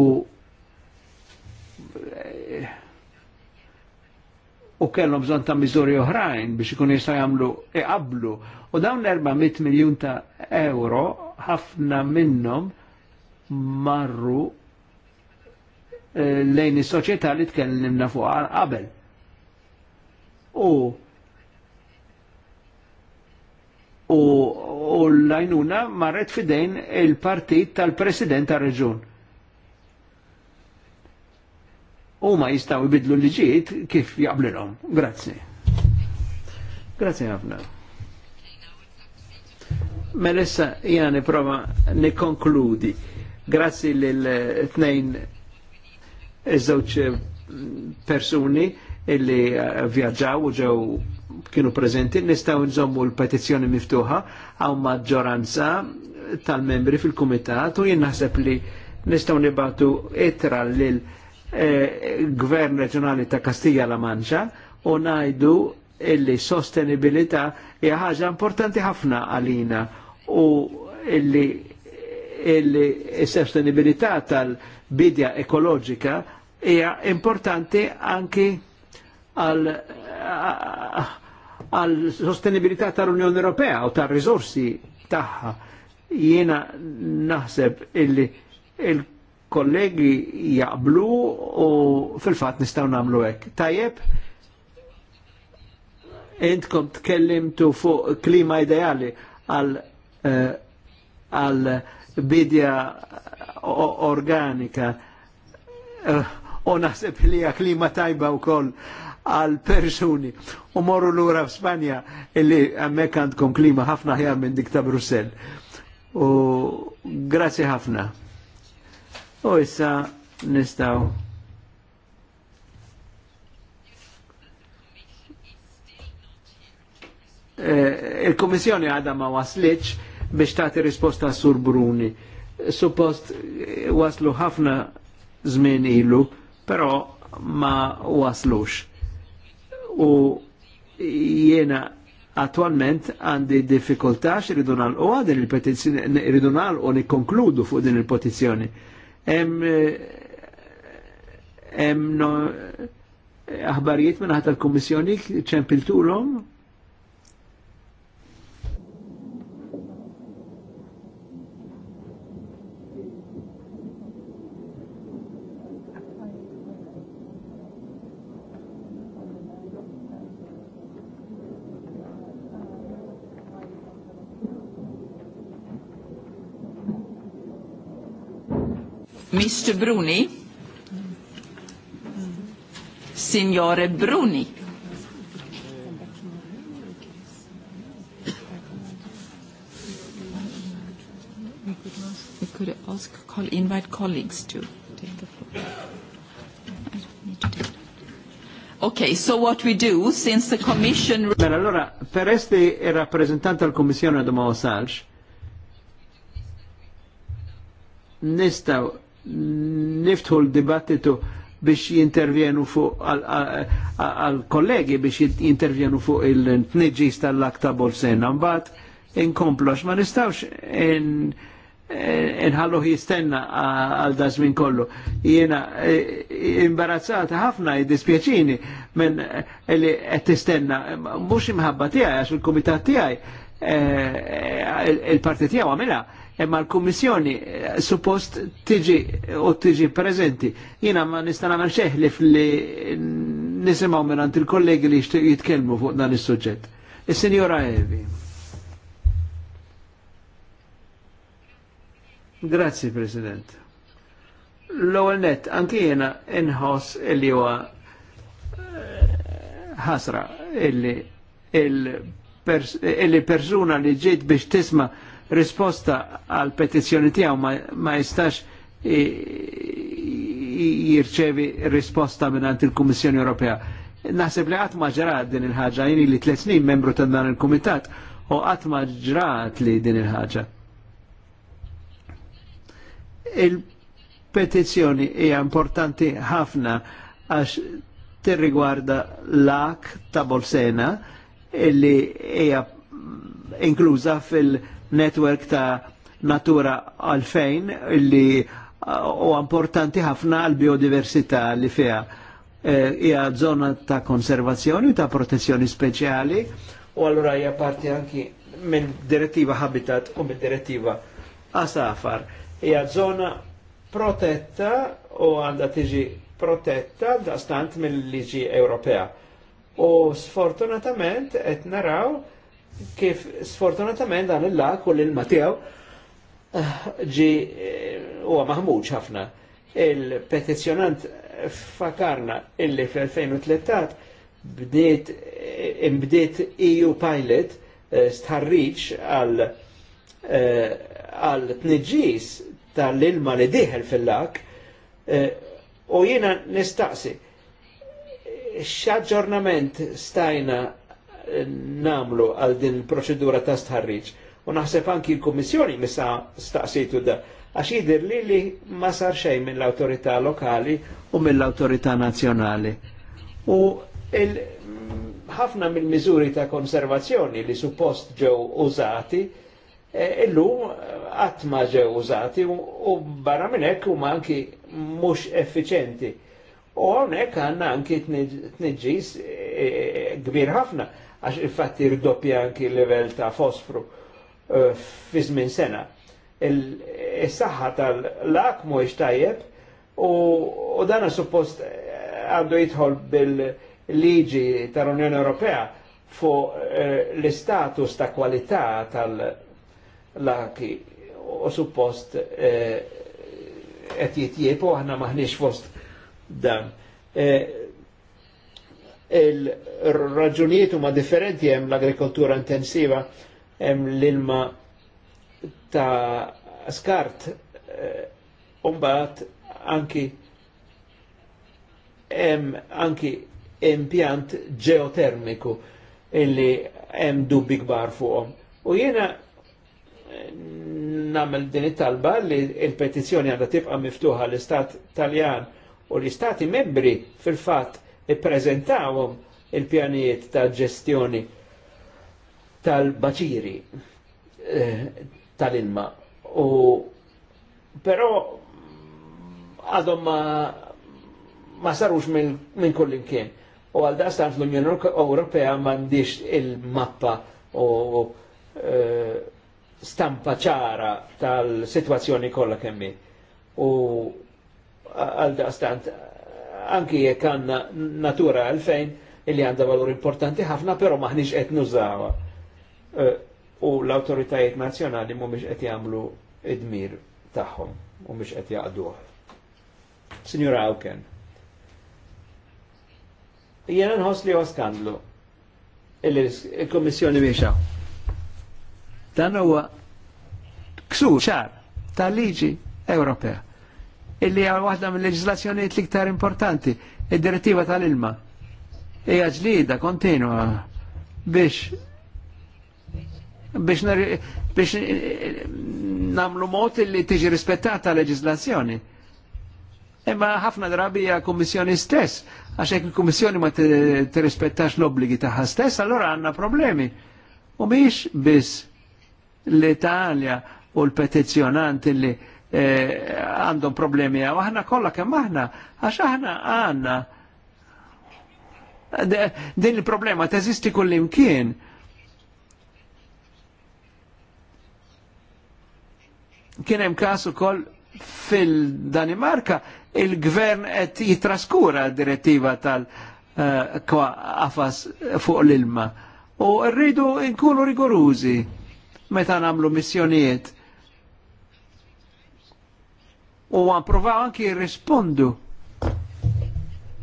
Speaker 1: u kellhom bżonn ta' mizuri oħrajn biex ikun jistgħu jagħmlu iqablu. U dawn l-400 miljun ta' euro ħafna minnhom marru eh, lejn is-soċjetà li tkellimna fuq qabel. U u, l-lajnuna marret fidejn il-partit tal-president tal-reġun. u ma jistaw ibidlu li liġijiet kif jaqblilhom. Grazzi. Grazzi ħafna. Melissa jena niprofa nikonkludi. Grazzi l-tnejn iż-żewġ persuni illi eh, vjaġġaw u ġew kienu prezenti, nistaw nżommu l-petizjoni miftuħa għaw maġġoranza tal-membri fil-komitat u jien naħseb li nistaw nibatu itra lil Eh, gvern reġjonali ta' Kastija la Manċa u najdu illi sostenibilità hija ħaġa importanti ħafna għalina u illi illi sostenibilità tal-bidja ekoloġika hija importanti anki għal sostenibilità tal-Unjoni Ewropea u tal rizorsi tagħha. Jiena naħseb illi il kollegi jaqblu u fil-fat nistaw namlu hekk. Tajjeb, intkom tkellimtu fuq klima ideali għal eh, għal bidja organika eh, u naħseb li klima tajba u koll għal persuni u morru l-ura f'Spanja illi għammek għandkom klima ħafna ħjar minn dikta Brussel. U grazzi ħafna. U issa nistaw eh, il-Komissjoni għadha ma waslitx biex tagħti risposta sur Bruni. Suppost eh, waslu ħafna żmien ilu, però ma waslux. U jiena attualment għandi diffikultà x'iridu nagħlqu għadin il-petizzjoni, iridu nagħlqu nikkonkludu fuq din il-petizzjoni. il petizzjoni hemm aħbarijiet minn ħadd tal-Kummissjoni Ċempiltulhom.
Speaker 2: Mr. Bruni? Signore Bruni? We could ask, call, invite colleagues to take the floor.
Speaker 1: Ok, so what we do, since the Commission... Bene, mela, allora, per li il rappresentante al commissione għadu ma nesta niftħu l-dibattitu biex jintervjenu fuq għal-kollegi biex jintervjenu fuq il-tneġis tal-akta sena Mbagħad inkomplox ma nistawx nħalluh jistenna għal dażmin kollu. Jiena eh, imbarazzata ħafna id-dispieċini minn eh, li qed tistenna mhux imħabba tiegħi għax il komitat tiegħi eh, il-parti tiegħu għamilha imma l-Kummissjoni eh, suppost tiġi u tiġi prezenti. Jiena ma nista' nagħmel xeħlif li nisimaw mingħand il-kollegi li jitkellmu fuq dan is-suġġett. il sinjora Evi. Grazie, President. l għol net, anki jiena il-li huwa eh, ħasra illi il-persuna li ġiet biex tisma' risposta għal petizzjoni tiegħu ma jistax jirċevi risposta minn il-Kummissjoni Ewropea. Naħseb li għatma ġrat din il-ħagġa, jini li t snin membru ta' dan il-komitat, u għatma ġrat li din il-ħagġa. Il-petizjoni hija importanti ħafna għax t-rigwarda l-ak ta' Bolsena illi hija inkluża fil- network ta' natura għalfejn illi uh, u importanti ħafna għal biodiversità li fija eh, hija zona ta' konservazzjoni ta' protezzjoni speċjali u allura hija parti anki minn direttiva Habitat u minn direttiva Asafar. Hija zona protetta u għandha tiġi protetta da stant mill-liġi Ewropea. U sfortunatament qed naraw kif sfortunatament dan il-lak u l matijaw tiegħu ġi eh, huwa maħmuġ ħafna. Il-petizjonant fakarna illi fl-2013 bdiet eh, imbdiet EU pilot eh, stħarriċ għal għal tniġis tal-ilma li diħel fil-lak u jiena nistaqsi x'aġġornament stajna namlu għal din il-proċedura ta' stħarriċ. U naħseb anki l-Kommissjoni misa staqsitu da, għax jidir li li ma sar xejn mill-autorità lokali u mill-autorità nazjonali. U ħafna mill-miżuri ta' konservazzjoni li suppost ġew użati, e, illu eh, għatma ġew użati u barra minnek u anki mux effiċenti. U għonek għanna anki t-nġis gbir e, e, ħafna għax infatti rdoppja anki l-level ta' fosfru eh, fi żmien sena. il saħħa tal-lak mhuwiex tajjeb u dana suppost eh, għandu jidħol bil-liġi tal-Unjoni Ewropea fuq eh, l-istatus ta' kwalità tal-laki u suppost qed uh, jitjiebu aħna maħniex fost dan il-raġunijiet huma differenti hemm l-agrikoltura intensiva, hemm l-ilma ta' skart, eh, umbat anki hemm anki impjant ġeotermiku illi hemm dubbi kbar fuqhom. U jiena eh, namel din it-talba li il-petizzjoni għandha tibqa' miftuħa l-Istat Taljan u l-Istati membri fil-fatt ippreżentawhom il-pjanijiet ta' ġestjoni tal-baċiri eh, tal-ilma. U però għadhom ma, ma sarux minn min kullimkien. U għal daqstant l-Unjoni Ewropea m'għandix il-mappa u e, stampa ċara tal situazzjoni kollha kemmi. U għal daqstant anki jekk għandna natura għalfejn illi għandha valur importanti ħafna, però maħniġ qed nużawha. u l-autoritajiet nazzjonali mhumiex qed jagħmlu id-dmir tagħhom u mhux qed jaqduh. Signora Awken. Jiena nħoss li skandlu il komissjoni miexa. Dan huwa ksur ċar tal-liġi Ewropea illi għal waħda mill l-iktar importanti, id-direttiva tal-ilma. Hija ġlida kontinua biex biex, biex namlu mod li tiġi rispettata leġislazzjoni. Imma ħafna drabi hija kummissjoni stess, għax hekk il-kummissjoni ma tirrispettax l-obbligi tagħha stess, allora għandna problemi. U mhix biss l-Italja u l-petizzjonanti li Eh, għandhom problemi għaw. Aħna kollha kemm aħna, għax aħna għanna. din il-problema teżisti kullimkien. Kien hemm kasu kol fil-Danimarka il-gvern qed jitraskura d-direttiva tal għafas eh, fuq l-ilma. U rridu nkunu rigorużi meta nagħmlu missjonijiet u għan provaw anki jirrispondu.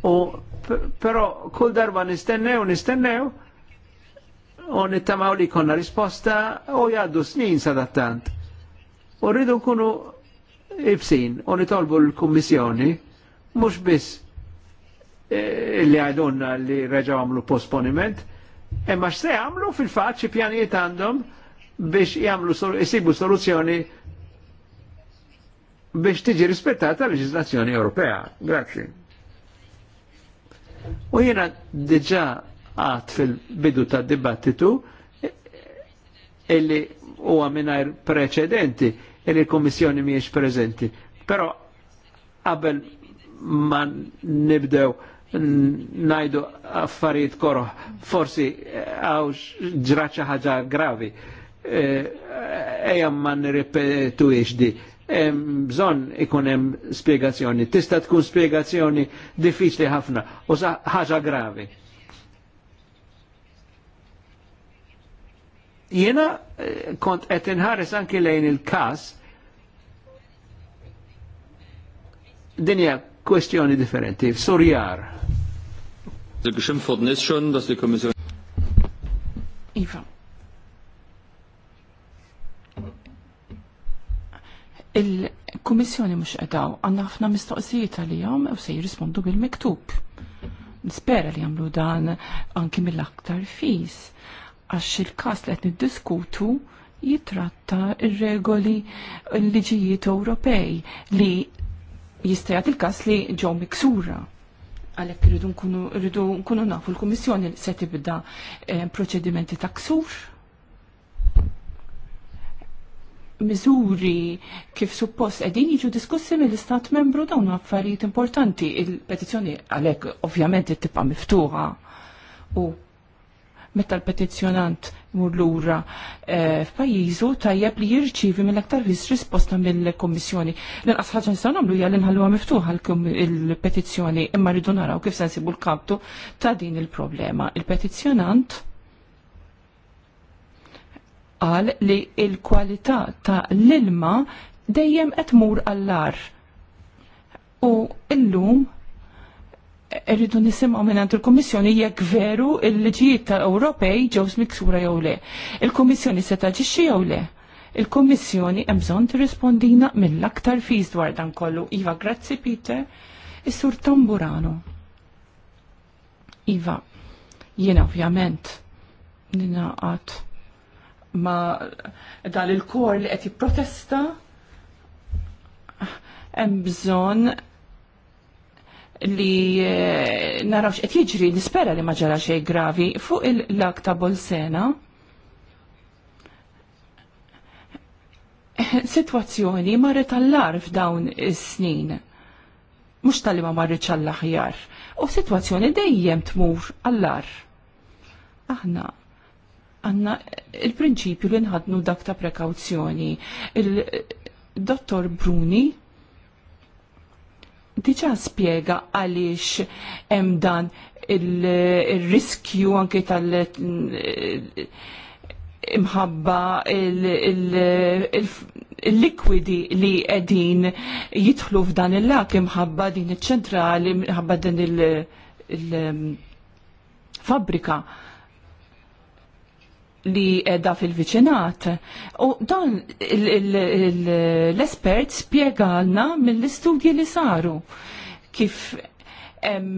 Speaker 1: U però kull darba nistennew, nistennew, u nittamaw li konna risposta u jaddu snin sadattant. U rridu nkunu ibsin u nitolbu l kommissjoni mux biss eh, li għajdunna li reġaw għamlu posponiment, imma x'se għamlu fil-fatt xi pjanijiet għandhom biex jgħamlu, isibu soluzzjoni biex tiġi rispettata l-leġislazzjoni Ewropea. Grazzi. U jena diġa għat fil-bidu ta' dibattitu e, e, illi u mingħajr preċedenti illi l-Kommissjoni mhijiex preżenti. Però qabel ma nibdew najdu affarijiet koro, forsi e, għaw ġraċa ħaġa gravi. Ejja ma nirripetu iġdi bżon ikunem spiegazzjoni. Tista' tkun spiegazzjoni diffiċli ħafna u ħaġa gravi. Jena eh, kont qed inħares anki lejn il-każ dinja kwestjoni differenti. Surjar. Iva,
Speaker 2: Il-Kummissjoni mhux qedaw għandna ħafna mistoqsijiet għal-jom u se jirrispondu bil-miktub. Nispera li jagħmlu dan anki mill-aktar fis għax il-każ li qed niddiskutu jitratta il regoli l-liġijiet Ewropej li jistajat il-kas li ġew miksura. Għalhekk rridu nkunu nafu l-Kummissjoni se tibda eh, proċedimenti ta' ksur miżuri kif suppost qegħdin jiġu diskussi mill-istat membru dawn affarijiet importanti. Il-petizzjoni għalhekk ovvjament tibqa' miftuħa u meta l-petizzjonant mur lura eh, f'pajjiżu tajjeb li jirċivi mill-aktar ħis risposta mill-Kommissjoni. L-inqas ħaġa nistgħu nagħmlu hija li nħalluha miftuħa l-petizzjoni imma rridu naraw kif se l-kaptu ta' din il-problema. Il-petizzjonant qal li il-kwalità ta' l-ilma dejjem qed tmur għall-ar. U illum rridu nisimgħu minn il-Kummissjoni jekk veru il-liġijiet tal-Ewropej ġew miksura jew le. Il-Kummissjoni se taġixxi jew le. Il-Kummissjoni hemm bżonn tirrispondina mill-aktar fiż dwar dan kollu. Iva, grazzi Peter, is-Sur Tamburano. Iva, jiena ovvjament ninaqat ma dal il-kor li qed jipprotesta hemm bżonn li eh, naraw x'qed jiġri nispera li ma ġara xejn gravi fuq il-lak ta' Bolsena. Situazzjoni marret tal-lar f'dawn is-snin. Mhux tal-li ma marritx għall-aħjar. U situazzjoni dejjem tmur għall-ar. Aħna għanna il-prinċipju li nħadnu dak ta' prekawzjoni. Il-dottor Bruni diġa spiega għaliex hemm dan il-riskju anke tal- imħabba il-liquidi li qegħdin jitħlu f'dan il-lak imħabba din il-ċentrali, imħabba din il-fabrika. il, il fabrika li edha fil-viċinat. U dan l-espert spiegħalna mill-istudji li saru kif em,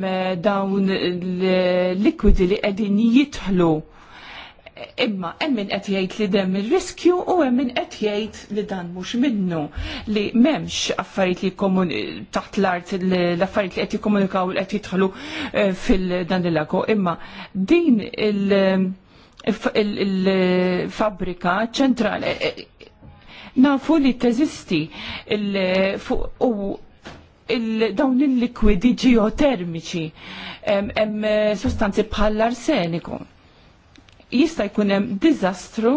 Speaker 2: dawn l-likwidi li edin jitħlu imma hemm min qed jgħid li dem ir-riskju u hemm min qed jgħid li dan mhux minnu li m'hemmx affarijiet li taħt l-art l-affarijiet li qed jikkomunikaw li qed jidħlu eh, fil-dan il-lago imma din il- il-fabrika ċentrali e- e- nafu li teżisti u dawn il-likwidi ġiotermiċi hemm sostanzi bħall-arseniku jista' jkun hemm diżastru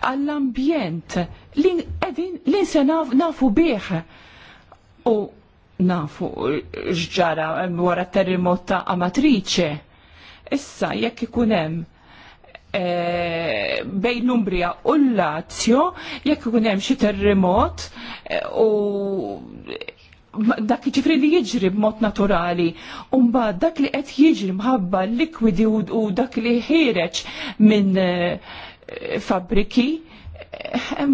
Speaker 2: għall-ambjent li qegħdin li se nafu bih. U nafu x'ġara wara terremot ta' Amatrice. Issa jekk ikun hemm Eh, bejn l-Umbria u l-Lazio, jekk ikun hemm xi terremot eh, u dak ċifri jiġifieri li jiġri b'mod naturali, mbagħad dak li qed jiġri mħabba likwidi u dak li ħireġ minn eh, fabriki,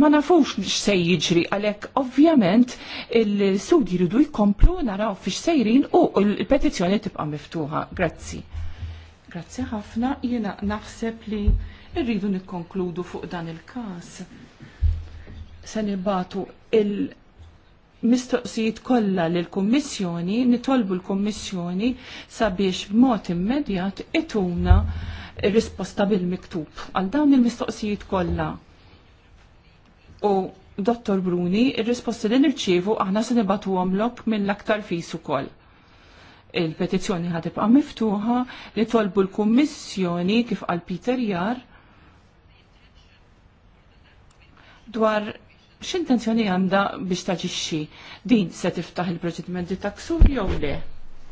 Speaker 2: ma nafux biex se jiġri, għalek ovvjament il-sud jiridu jkomplu naraw fiex sejrin u l-petizjoni tibqa' miftuħa. Grazzi. Grazzi ħafna, jiena naħseb li rridu nikkonkludu fuq dan il-każ. Se nibatu il- mistoqsijiet kollha lill-Kummissjoni, nitolbu l-Kummissjoni sabiex b'mod immedjat ituna risposta bil-miktub għal dawn il-mistoqsijiet kollha. U Dottor Bruni, ir-risposti li nirċievu aħna se nibatuhom lok mill-aktar fis ukoll il-petizzjoni ħatibqa' miftuħa li tolbu l-Kummissjoni kif qal Peter Jar dwar x'intenzjoni għandha biex taġixxi din se tiftaħ il-proċedimenti ta' ksur jew le.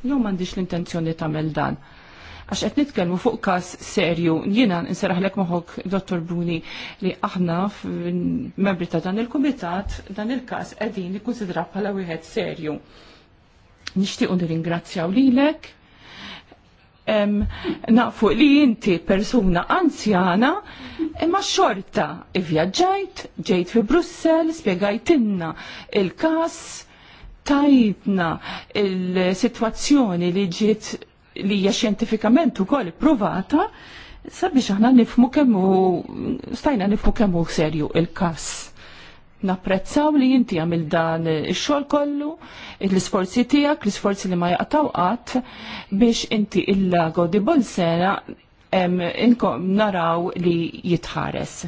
Speaker 2: Jew m'għandix l-intenzjoni tagħmel dan. Għax qed nitkellmu fuq każ serju, jiena nseraħlek moħok Dottor Bruni li aħna membri ta' dan il-kumitat dan il-każ qegħdin nikkunsidra bħala wieħed serju nishtiqu nir-ingrazzjaw lilek. Nafu li inti persuna anzjana, imma xorta ivjaġġajt, ġejt fi Brussel, spiegajtinna il-kas, tajtna il-situazzjoni li ġiet li hija xjentifikament ukoll provata sabiex aħna nifmu kemm stajna nifmu kemm serju il-każ napprezzaw li jinti għamil dan il-xol kollu, l-sforzi tijak, l-sforzi li ma jaqtaw għat, biex inti illa godi bol sena inkom naraw li jitħares.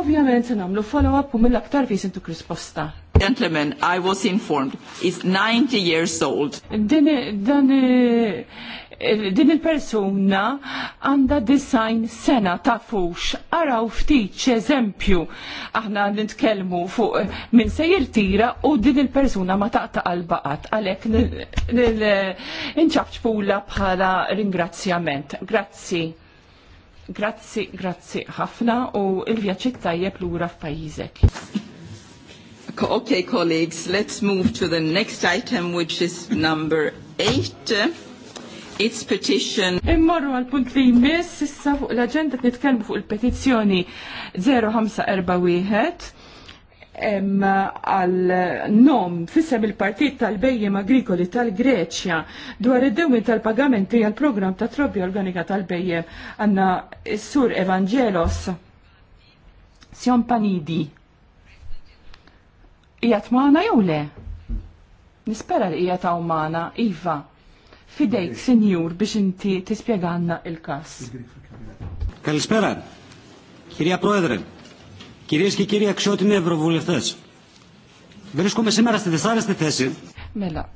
Speaker 2: Ovvjament se namlu follow-up u mill-aktar fi sintu risposta. Gentlemen, I was informed, is 90 years old. dan din il-persuna għanda design sena tafux. Araw ftit eżempju, aħna nitkellmu fuq minn se jirtira u din il-persuna ma taqta qalbaqat għalek nċabċpula bħala ringrazzjament. Grazzi. Grazzi, grazzi ħafna u il-vjaċċi tajjeb lura f'pajjiżek. Okay, colleagues, let's move to the next item, which is number eight. It's petition. Immorru għal punt li jmiss, issa fuq l-agenda t-nitkelmu fuq il-petizjoni 0541 għal nom fissem il-partit tal-bejjem agrikoli tal-Greċja dwar id-dewmi tal-pagamenti għal program ta' trobbi organika tal-bejjem għanna s-sur Evangelos Sion Panidi. Ijat maħna jew le? Nispera li ijat għaw maħna, Iva. Fidejk, sinjur, biex inti tispjeganna il-kas.
Speaker 1: Καλησπέρα, κυρία Πρόεδρε, κυρίες και κύριοι αξιότιμοι ευρωβουλευτές. Βρίσκομαι σήμερα στη δυσάρεστη θέση.
Speaker 2: Μελά.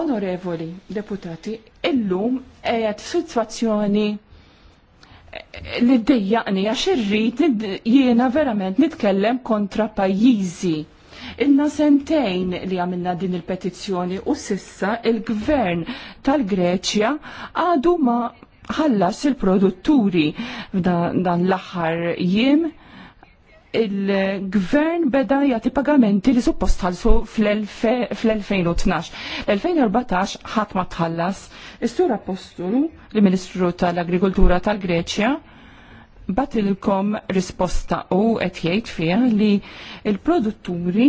Speaker 2: Onorevoli deputati, illum qiegħed f'sitwazzjoni eh, li ddejjaqni għax irrid jiena verament nitkellem kontra pajjiżi Inna sentejn li għamilna din il-petizzjoni u sissa il-gvern tal-Greċja għadu ma ħallas il-produtturi dan l-aħħar jiem il-gvern beda jati pagamenti li suppost ħalsu fl-2012. L-2014 ħatma ma tħallas. Is-sura postulu, l-Ministru tal-Agrikoltura tal-Greċja, batilkom risposta u qed jgħid fiha li il-produtturi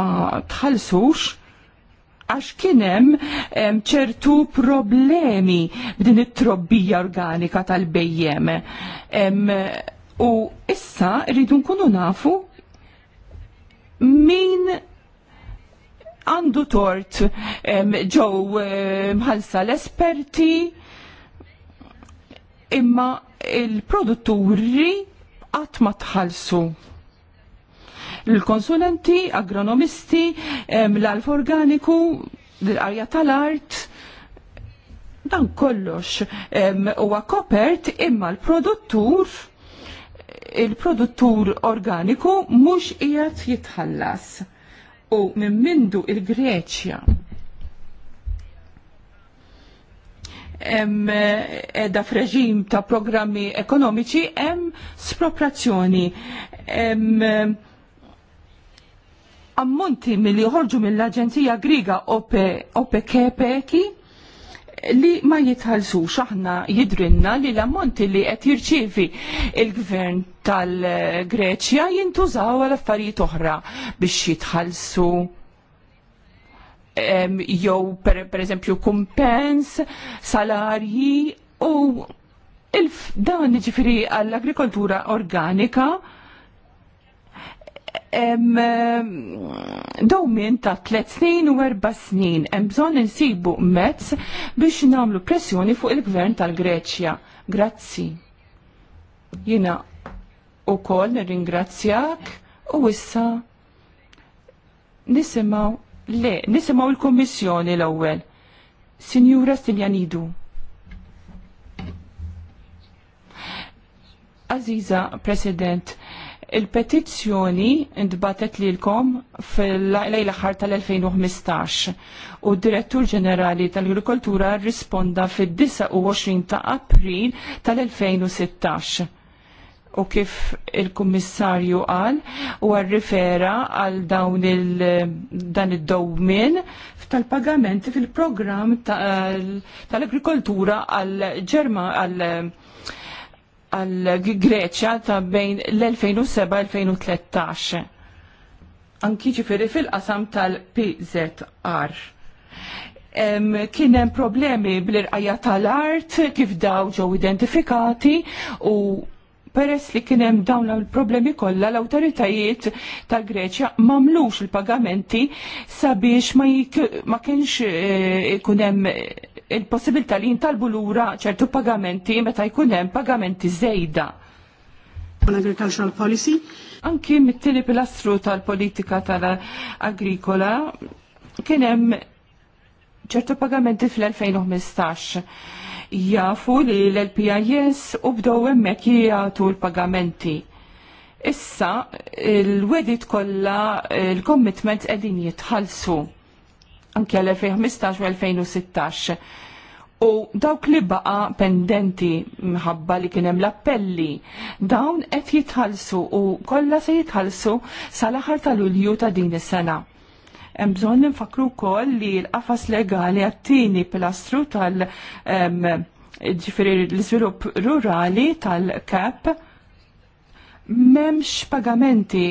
Speaker 2: ma tħallsux għax kienem ċertu problemi b'din it-trobbija organika tal-bejjem. U issa rridu nkunu nafu min għandu tort ġew mħalsa l-esperti imma il-produtturi qatt ma tħallsu il konsulenti agronomisti, l-alf organiku, l-arja tal-art, dan kollox huwa kopert imma l-produttur il-produttur organiku mhux qiegħed jitħallas. U minn mindu il-Greċja edha f'reġim ta' programmi ekonomiċi hemm sproprazzjoni. Ammonti milli joħorġu mill-Aġenzija Griga OPEKEPEKI li ma jitħalsu aħna jidrinna li l-ammonti li qed jirċievi il-gvern tal-Greċja jintużaw għal affarijiet oħra biex jitħalsu jew pereżempju per kumpens, salarji u dan ġifiri għall-agrikoltura organika minn ta' tliet snin u erba' snin hemm bżonn insibu mezz biex nagħmlu pressjoni fuq il-gvern tal-Greċja. Grazzi. Jiena koll nirringrazzjak u issa nisimgħu Le, nisimaw il-Kommissjoni l-ewwel. Sinjura Stiljanidu. Aziza, President, il-petizzjoni l lilkom fil-lejla ħar tal-2015 u d-Direttur Ġenerali tal-Agrikoltura risponda fid-29 ta' April tal-2016 u kif il-kummissarju għal u għarrifera għal dawn il dan id-dowmin tal-pagamenti fil-programm tal-agrikoltura għal ġerma għal għal Greċja ta' bejn l-2007-2013. Anki ġifiri fil-qasam tal-PZR kien hemm problemi bl-irqajja tal-art kif daw ġew identifikati u peress li kien hemm dawn il-problemi kollha l-awtoritajiet ta' Greċja mamlux il-pagamenti sabiex ma, ma kienx eh, ikun hemm eh, il-possibilità li jintalbu lura ċertu pagamenti meta jkun hemm pagamenti żejda. On agricultural policy. Anki mit-tieni pilastru tal-politika tal-agrikola kien hemm ċertu pagamenti fl-2015 jafu li l-LPIS u bdow hemmhekk jagħtu l-pagamenti. Issa l-wedit kollha l-commitment qegħdin jitħallsu anke l-2015 u 2016. U dawk li baqa pendenti mħabba li kienem l-appelli, dawn qed jitħallsu u kollha se jitħallsu sal-aħħar tal-Ulju ta' din is-sena. Hemm bżonn nfakru wkoll li l-qafas legali għat-tieni pilastru tal- ġifiri l-iżvilupp rurali tal-kap e memx pagamenti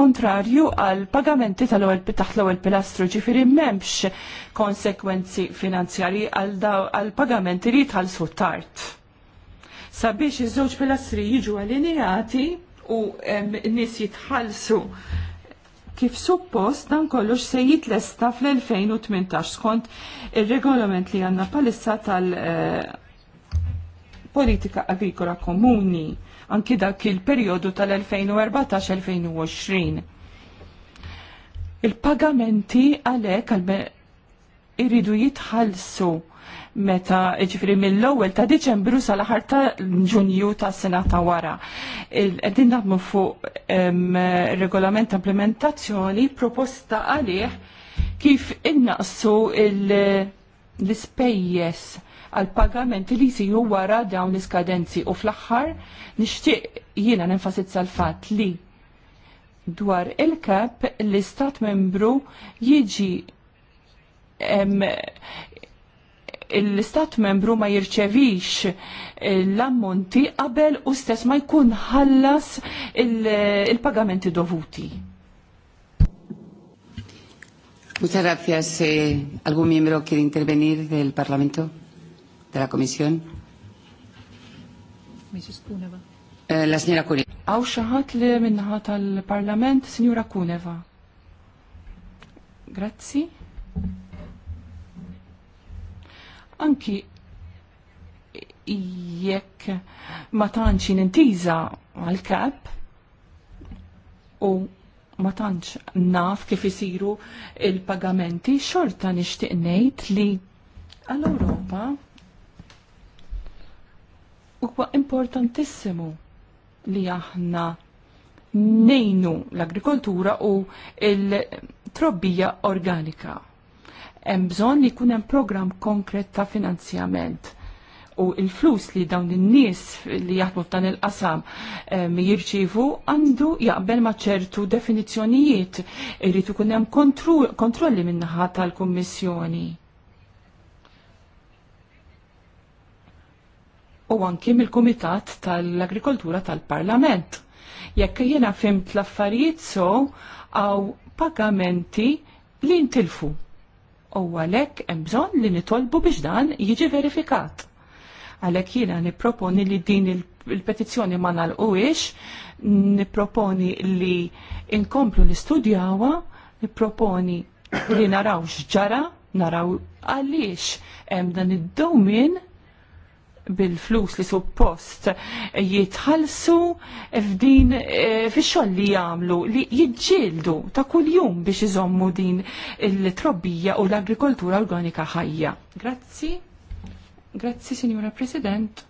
Speaker 2: kontrarju għal pagamenti tal-ewwel taħt l-ewwel pilastru, ġifieri memx konsekwenzi finanzjari għal pagamenti li jitħallsu tard. Sabiex iż-żewġ pilastri jiġu allineati u n-nies jitħallsu kif suppost dan kollox se jitlesta fl-2018 skont il-regolament li għanna palissa tal-politika eh, agrikola komuni anki dak il-periodu tal-2014-2020. Il-pagamenti għalek għal iridu jitħallsu meta ġifri mill-ewwel ta' Diċembru sal-aħar ta' Ġunju ta' sena ta' wara. Qegħdin naħdmu fuq regolament ta' implementazzjoni proposta għalih kif innaqsu l-ispejjeż għal pagamenti li jsiru wara dawn l-iskadenzi u fl-aħħar nixtieq jiena nenfasizza l-fatt li dwar il-kap l-istat membru jiġi l-istat membru ma jirċevix l-ammonti qabel u stess ma jkun ħallas il-pagamenti dovuti.
Speaker 3: Muchas gracias. Eh, ¿Algún miembro quiere
Speaker 2: intervenir del Parlamento, de la Comisión? Eh, la señora Kuneva. Aw xaħat tal-Parlament, signora Kuneva. Grazie. anki jekk ma tantx nintiża għal-kap u ma tantx naf kif isiru il-pagamenti, xorta nixtieq ngħid li għall-Ewropa huwa importantissimu li aħna nejnu l-agrikoltura u l-trobbija organika hemm bżonn li jkun hemm programm konkret ta' finanzjament u il-flus li dawn in-nies li jaħdmu f'dan il-qasam ehm, jirċivu għandu jaqbel ma' ċertu definizzjonijiet irid ikun hemm kontrolli min-naħa tal-Kummissjoni. U anki mill-Kumitat tal-Agrikoltura tal-Parlament. Jekk jiena fimt l-affarijiet so għaw pagamenti li ntilfu u għalhekk hemm bżonn li nitolbu biex dan jiġi verifikat. Għalhekk jiena nipproponi li din il-petizzjoni ma nalquwiex, nipproponi li inkomplu nistudjawha, nipproponi li naraw x'ġara, naraw għaliex hemm dan id domin bil-flus li suppost jitħalsu f'din eh, fix-xogħol li jagħmlu li jiġġieldu ta' kuljum biex iżommu din il-trobbija u l-agrikoltura organika ħajja. Grazzi. Grazzi, Sinjura President.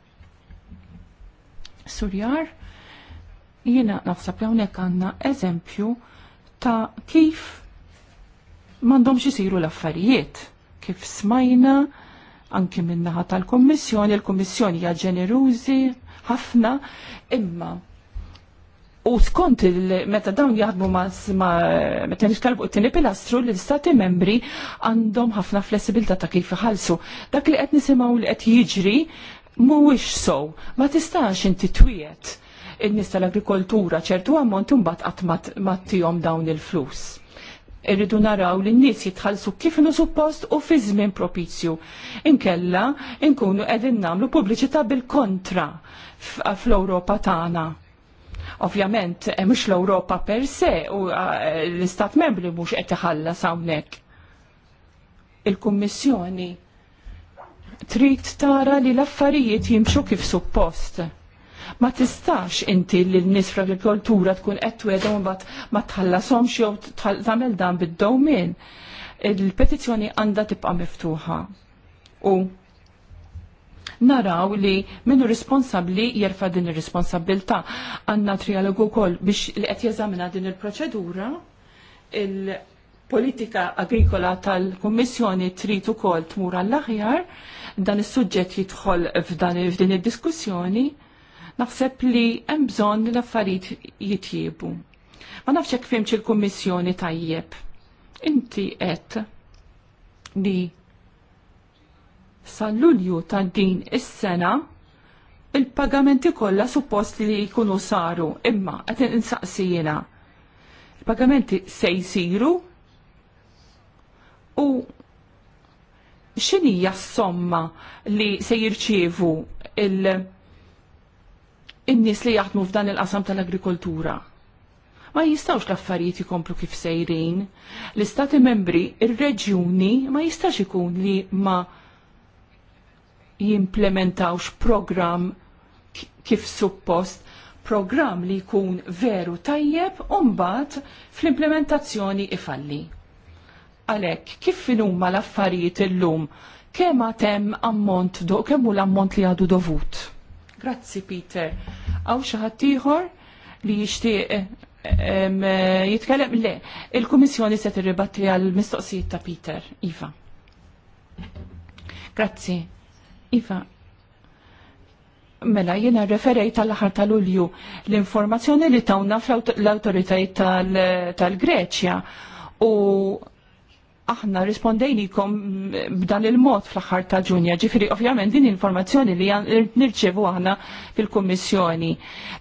Speaker 2: Surjar, jiena naħseb hawnhekk għandna eżempju ta' kif m'għandhomx isiru l-affarijiet, kif smajna anki minnaħa tal-Kommissjoni, il-Kommissjoni hija ġenerużi ħafna, imma u skont il-meta dawn jaħdmu ma meta nitkellmu t-tieni pilastru l-istati membri għandhom ħafna flessibilta ta' kif iħallsu. Dak li qed nisimgħu li qed jiġri mhuwiex sow, ma tistax inti twiet in-nies tal-agrikoltura ċertu ammont imbagħad qatt ma tihom dawn il-flus irridu naraw li n-nies jitħallsu kif nu suppost u fi żmien propizju. Inkella nkunu qegħdin nagħmlu pubbliċità bil-kontra fl-Ewropa tagħna. Ovvjament, eh, mhux l-Ewropa per se u eh, l-Istat membri mhux qed iħallas hawnhekk. Il-Kummissjoni trid tara li l-affarijiet jimxu kif suppost Ma tistax inti li l-nis fl-agrikoltura tkun qed twedhom ma tħallashomx jew tagħmel dan bid-dowmin. Il-petizzjoni għandha tibqa' miftuħa. U naraw li minnu responsabli jerfa din ir-responsabilta għanna trialogu kol biex li qed jeżamina din il-proċedura il-politika agrikola tal-Kommissjoni trid ukoll tmur għall-aħjar dan is-suġġett jidħol f'dan f'din id-diskussjoni naħseb li hemm bżonn li l-affarijiet jitjiebu. Ma nafx hekk fimx il-Kummissjoni tajjeb. Inti qed li sal-Lulju ta' din is-sena il-pagamenti kollha suppost li jkunu saru, imma qed insaqsijina. Il-pagamenti se jsiru u x'inhija s-somma li se jirċievu il- in-nies li jaħdmu f'dan il-qasam tal-agrikoltura. Ma jistawx l-affarijiet jkomplu kif sejrin. L-istati membri, ir-reġjuni, ma jistax ikun li ma jimplementawx program kif suppost, program li jkun veru tajjeb umbat fl-implementazzjoni ifalli. Alek, kif finuma l-affarijiet illum, kemm tem ammont, kemm l-ammont li għadu dovut? Grazzi Peter. Għaw xaħat ieħor li jixtieq eh, eh, jitkellem le, il-Kummissjoni se tirribatti għal mistoqsijiet ta' Peter, Iva. Grazzi. Iva, mela jiena referej tal-aħħar tal-Ulju l-informazzjoni li tawna fl-autoritajiet tal-Greċja u aħna rispondejlikom b'dan il-mod fl-axar ta' ġunja, ġifiri ovvjament din informazzjoni li nirċevu aħna fil-Kommissjoni.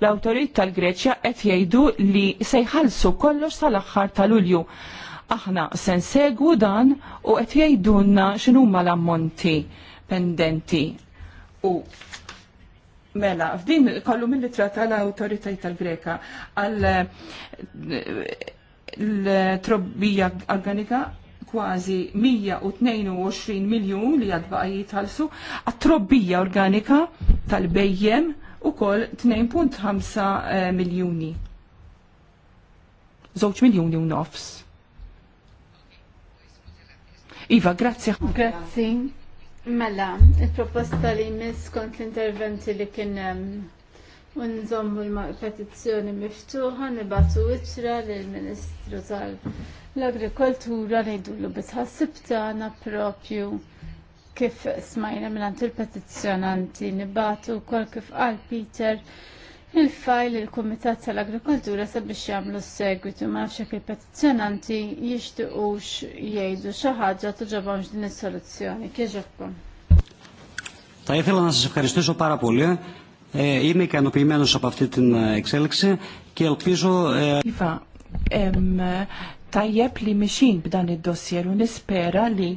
Speaker 2: L-autorit tal-Greċja qed jgħidu li se jħallsu kollox tal-axar tal-Ulju. Aħna se segu dan u qed jgħidulna x'inhuma l-ammonti pendenti. U Mela, f'din kollu mill-litra tal-autoritajt tal-Greka għal eh, l-trobbija organika kważi 122 miljun li għadbaqa jitħalsu għat-trobbija organika tal-bejjem u kol 2.5 miljuni. Zoċ miljuni u nofs. Iva, grazzi. Grazzi.
Speaker 3: Mela, il-proposta li mis kont l-interventi li kienem unżommu l-petizzjoni miftuħa, nibatu witra l-Ministru tal- L-agrikoltura ngħidulu bitħassib tagħna propju kif smajna mill il-petizzjonanti nibatu kol kif għal Peter il-fajl il komitat tal-Agrikoltura biex jagħmlu s-segwitu ma nafx il-petizzjonanti jixtiqux jgħidu xi ħaġa toġobhomx din is-soluzzjoni.
Speaker 2: Kieġobkom.
Speaker 1: Θα ήθελα να σας ευχαριστήσω πάρα πολύ. Ε, είμαι ικανοποιημένος από αυτή την εξέλιξη και ελπίζω... Ε...
Speaker 2: Είπα, εμ, tajjeb li mixin b'dan id-dossier u nispera li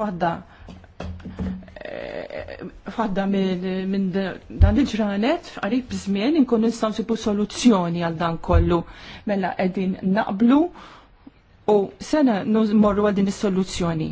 Speaker 2: waħda eh, waħda minn dan il-ġranet f'qarib żmien inkun nistgħu soluzzjoni għal dan kollu mela qegħdin naqblu u sena morru għadin din is-soluzzjoni.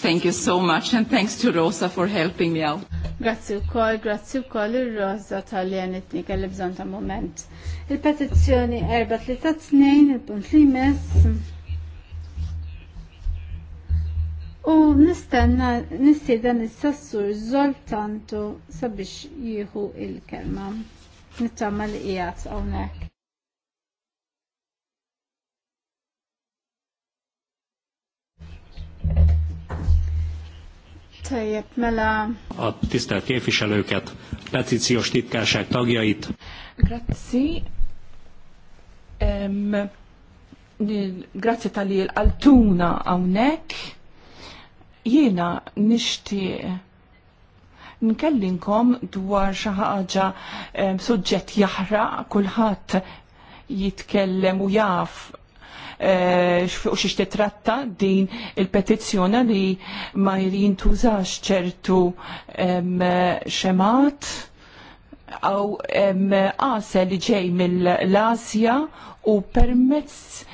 Speaker 2: Thank you so much and thanks to Rosa for helping me out.
Speaker 3: Grazzi u koll, grazzi u koll il-Rosa tal-jenitni kelli bżon ta' moment. Il-petizzjoni 432, il-punt li mess. U nistenna nistida nistessur zoltantu sabiex jieħu il-kelma. Nittama li qiegħed hawnhekk.
Speaker 2: Tejjeb, mela.
Speaker 1: A tisztelt képviselőket, petíciós titkárság tagjait.
Speaker 2: Grazzi. Um, grazzi tal-li l-altuna għawnek. Jena nishti nkellinkom dwar xaħġa um, suġġet jahra kulħadd jitkellem u jaf fuq xiex titratta din il petizjona li ma jintużax ċertu xemat għaw għasel li ġej mill-Asja u permezz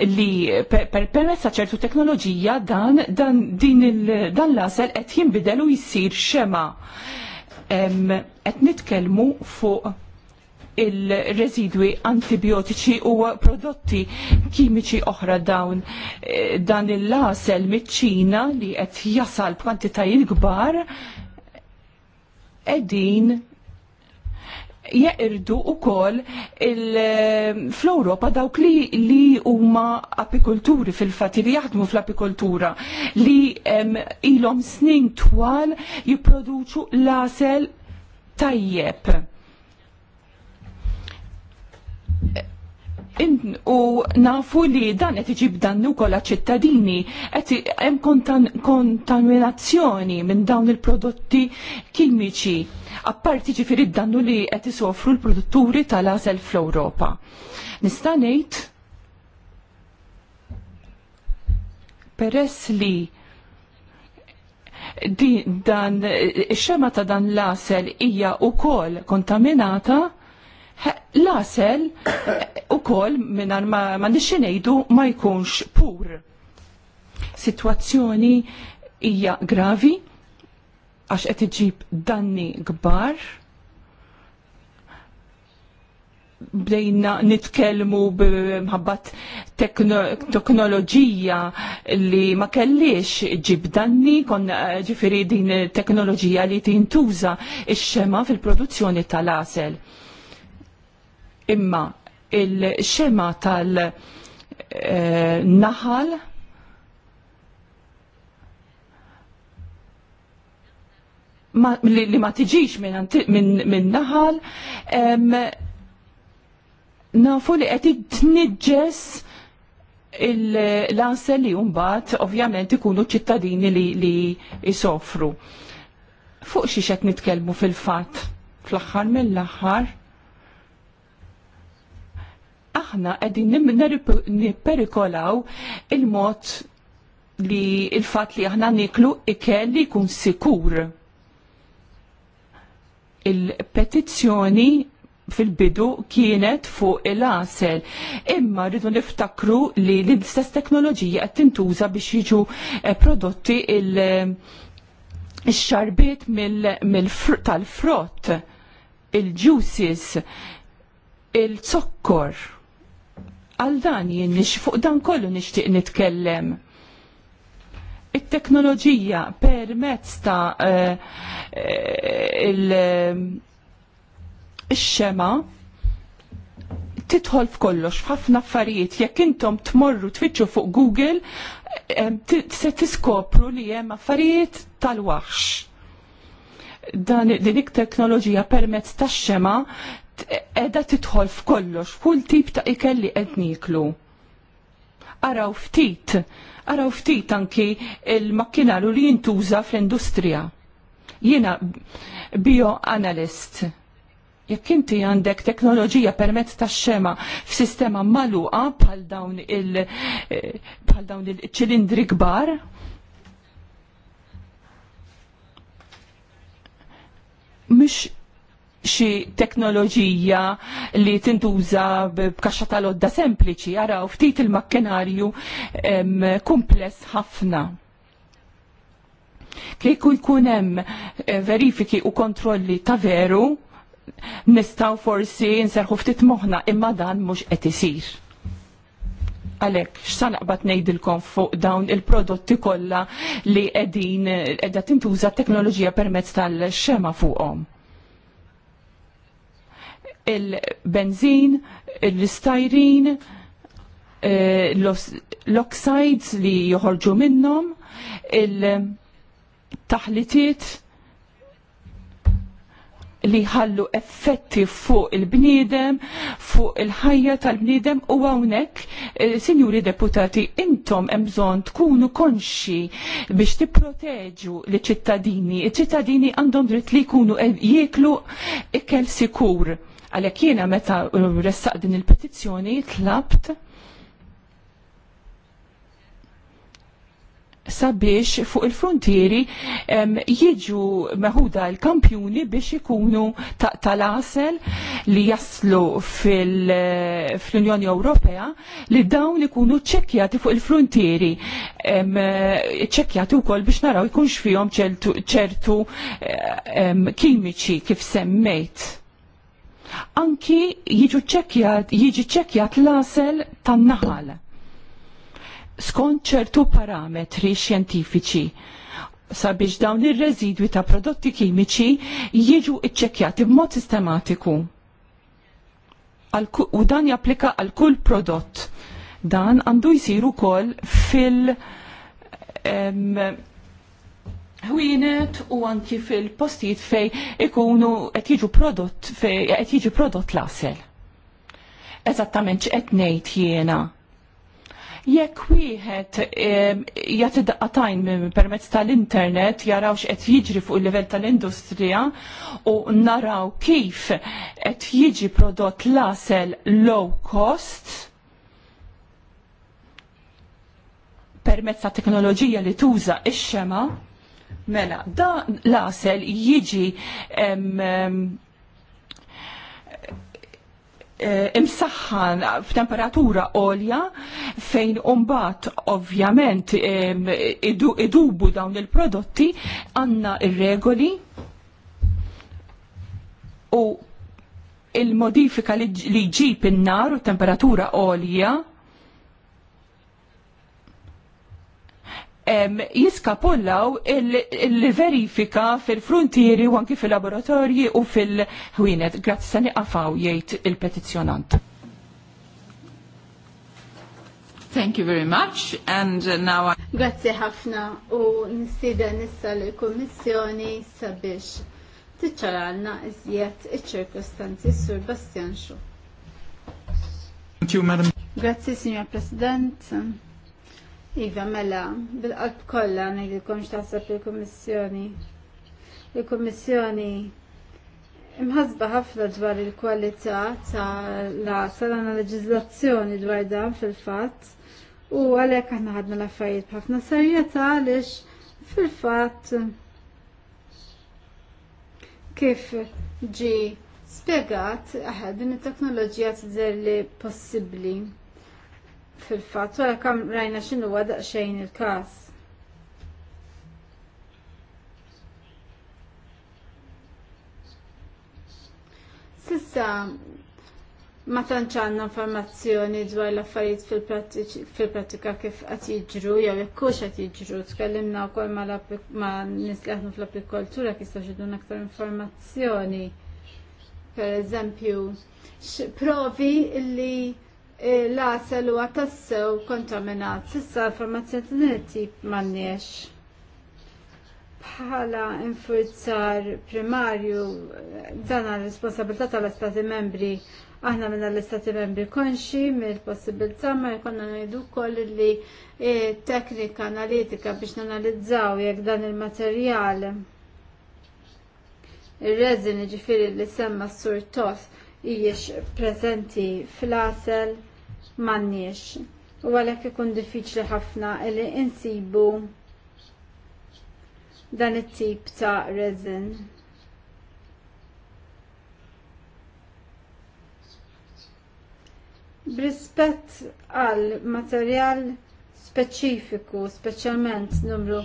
Speaker 2: li per permezz ċertu teknoloġija dan, dan din l-asel qed jinbidel u jsir xema qed nitkellmu fuq il-residwi antibiotiċi u prodotti kimiċi oħra dawn e, dan il-lasel miċ-ċina li qed jasal b'kwantitajiet kbar qegħdin jeqirdu u kol ehm, fl-Europa dawk li li huma apikulturi fil-fat li jaħdmu fl-apikultura li ehm, ilhom snin twal jipproduċu lasel tajjeb u nafu li dan qed iġib dannu wkoll ċittadini qed hemm kontaminazzjoni minn dawn il-prodotti kimiċi apparti ġifieri dannu li qed isofru l-produtturi tal-għażel fl-Ewropa. Nista' ngħid peress li di dan ix-xema ta' dan l-asel hija wkoll kontaminata, L-asel u kol minnan ma nixinejdu ma jkunx pur. Situazzjoni hija gravi għax qed iġib danni kbar bdejna nitkelmu b'ħabbat teknoloġija li ma kellix danni, kon eh, ġifiri din teknoloġija li tintuża ix-xema fil-produzzjoni tal-asel. Imma il-xema tal-naħal eh, li, ma tiġix minn min, naħal nafu li qed tniġġes l-ansel li mbagħad ovvjament ikunu ċittadini li, jisofru. Fuq xi qed nitkellmu fil-fatt fl-aħħar mill-aħħar aħna qegħdin nipperikolaw il-mod li il-fat li aħna niklu ikelli li jkun sikur. Il-petizzjoni fil-bidu kienet fuq il-asel. Imma rridu niftakru li l-istess teknoloġija qed tintuża biex jiġu eh, prodotti il-xarbiet eh, tal-frott, il-juices, il-zokkor għal dan jien fuq dan kollu nixtieq nitkellem. It-teknoloġija permezz ta' eh, eh, il-xema eh, titħol f'kollox f'ħafna affarijiet jekk intom tmorru tfittxu fuq Google se tiskopru li hemm affarijiet tal-waħx. Dan din ik teknoloġija permezz tax-xema edha titħol f'kollox, kull tip ta' ikelli qed niklu. Araw ftit, araw ftit anki il-makkinaru li jintuża fl-industrija. Jiena bioanalist. Jekk inti għandek teknoloġija permezz tax xema f'sistema magħluqa bħal dawn il eh, bħal dawn il-ċilindri kbar, mhux xi teknoloġija li tintuża b'kaxxa tal-odda sempliċi, araw ftit il-makkenarju kumpless ħafna. Kieku jkun hemm eh, verifiki u kontrolli ta' veru, nistaw forsi nserħu ftit moħna imma dan mhux qed isir. Għalek, naqbad ngħidilkom fuq dawn il-prodotti kollha li qegħdin eh, qiegħda tintuża t teknoloġija permezz tal-xema fuqhom il-benzin, il istajrin eh, l-oxides li joħorġu minnom, il-taħlitiet li ħallu effetti fuq il-bniedem, fuq il-ħajja tal-bniedem u għawnek, eh, sinjuri deputati, intom emżon tkunu konxi biex tipproteġu li ċittadini. Il-ċittadini għandhom dritt li jkunu eh, jieklu ikel sikur Għalhekk jiena meta ressaq din il-petizzjoni tlabt sabiex fuq il-frontieri jiġu meħuda l-kampjuni biex ikunu tal-asel li jaslu fil-Unjoni Ewropea li dawn ikunu ċekjati fuq il-frontieri ċekjati wkoll biex naraw ikunx fihom ċertu eh, kimiċi kif semmejt Anki jiġu ċekjat, jiġi ċekjat l-asel tan-naħal. Skont ċertu parametri xjentifiċi sabiex dawn ir-residwi ta' prodotti kimiċi jiġu iċċekjati b'mod sistematiku. U dan japplika għal kull prodott. Dan għandu jisiru kol fil- ħwienet u anki fil-postijiet fej ikunu qed jiġu prodott fej qed jiġu prodott lasel. Eżattament x'qed ngħid jiena. Jekk wieħed jagħti daqqatajn permezz tal-internet jaraw x'qed jiġri fuq il-livell tal-industrija u naraw kif qed jiġi prodott lasel low cost, permezz ta' teknoloġija li tuża ix-xema, Mela, da l-asel jiġi eh, imsaħħan f'temperatura olja fejn umbat ovvjament idubu dawn il-prodotti għanna il regoli u il-modifika li ġib in-nar u temperatura olja jiskapollaw il-verifika fil-frontieri u anki fil-laboratorji u fil-ħwienet. Grazzi sani għafaw jgħid il-petizjonant. Thank you very much and uh, now I...
Speaker 3: Grazzi ħafna u nistida nissa l-Kommissjoni sabiex tiċċaralna iżjed iċ-ċirkostanzi sur Bastian Xu. Thank you, Madam. Grazzi, Signor President. Iva, mela, bil-qalb kollha ngħidilkom x'taħseb il-Kummissjoni. Il-Kummissjoni imħazba ħafna dwar il-kwalità la salana leġiżlazzjoni dwar dan fil-fatt u għalhekk aħna ħadna l-affarijiet b'ħafna serjetà għaliex fil-fatt kif ġi spjegat aħad din it-teknoloġija tidher li possibbli fil-fatt, wara kam rajna x'inhu huwa daqsxejn il-każ. Sissa ma tantx għandna informazzjoni dwar l-affarijiet fil-prattika kif qed jiġru jew jekk hux qed jiġru. Tkellimna wkoll ma' nies li aħdmu fl-apikoltura kif jistgħu aktar informazzjoni. Per eżempju, provi li l salu u għatassew kontaminat. Sissa informazzjoni tip mannix. Bħala infurzar primarju dan għal responsabilità tal-Istati membri aħna minna l-Istati membri konxi mill-possibilità ma jkonna ngħidu wkoll li e, teknika analitika biex nanalizzaw jekk dan il-materjal ir-reżin ġifieri li semma s-sur tos hijiex preżenti fl-asel m'għandniex. U għalhekk ikun diffiċli ħafna li insibu dan it-tip ta' resin. Brispett għal materjal speċifiku, speċjalment numru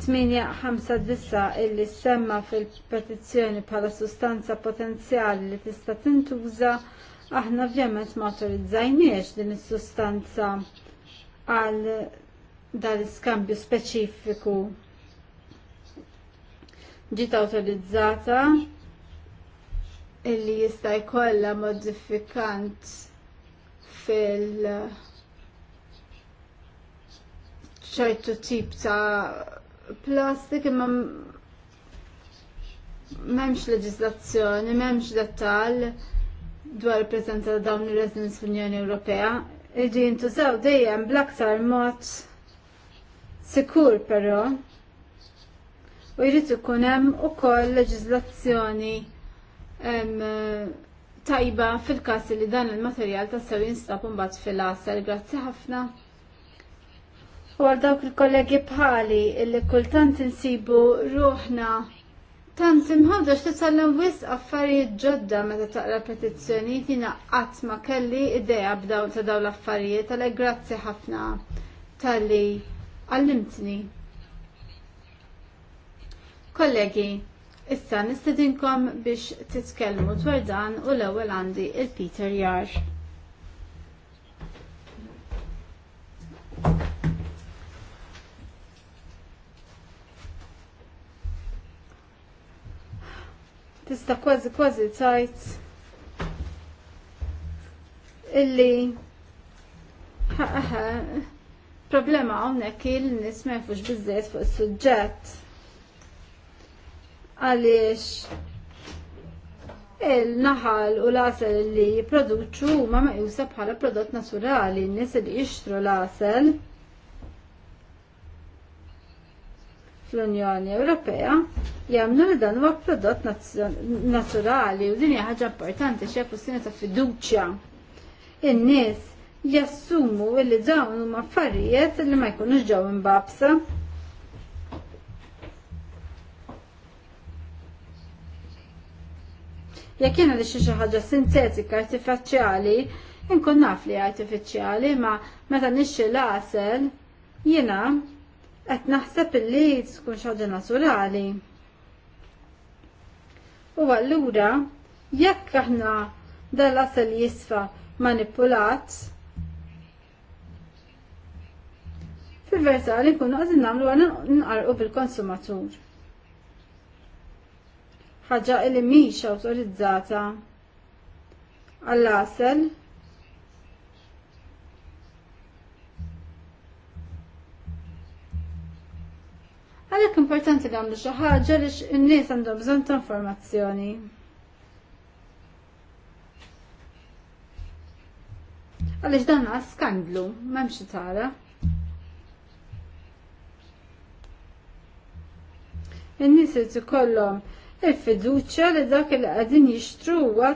Speaker 3: 859 illi semma fil-petizzjoni bħala sustanza potenzjali li tista' tintuża Aħna ovvjament ma autorizzajniex din is-sustanza għal dal-iskambju speċifiku ġiet autorizzata illi jista' jkollha modifikant fil ċertu tip ta' plastik imma m'hemmx leġislazzjoni, m'hemmx dettall dwar il-prezenza ta' dawn il residents fl-Unjoni Ewropea iġi jintużaw dejjem bl-aktar mod sikur però u jrid ikun hemm ukoll leġiżlazzjoni tajba fil-każ li dan il-materjal ta' sew jinstab imbagħad fil-għasel. Grazzi ħafna. U għal dawk il-kollegi bħali illi kultant insibu ruħna Tant imħabda x'titgħallem wisq affarijiet ġodda meta taqra petizzjonijiet tina qatt ma kelli idea b'daw ta' dawn l-affarijiet għalhekk grazzi ħafna tal-li għallimtni. Kollegi, issa nistedinkom biex titkellmu dwar dan u l-ewwel għandi il-Peter Jar. tista' kważi kważi tajt illi problema hawnhekk il nies ma jafux biżżejjed fuq is-suġġett. Għaliex il-naħal u l-asel li jipproduċu huma jusab bħala prodott naturali, n-nies li jixtru l-asel. fl-Unjoni Ewropea jagħmlu li dan huwa prodott naturali u din hija ħaġa importanti xi kwestjoni ta' fiduċja. In-nies jassumu li dawn huma affarijiet li ma jkunux ġew imbabsa. Jekk jiena li xi ħaġa sintetika artifiċjali, inkun naf li artifiċjali ma meta nixxi l-għasel jiena qed naħseb illi tkun xaġa naturali. U allura jekk aħna dal-asal jisfa manipulat, fil-verzali nkunu għazin namlu għana nqarqu bil-konsumatur. ħaġa illi miex autorizzata għall-asel Għalhekk importanti li għamlu xi ħaġa li n-nies għandhom bżonn ta' informazzjoni. Għaliex dan skandlu, m'hemmx tara. In-nies irid ikollhom il-fiduċja li dak li qegħdin jixtru huwa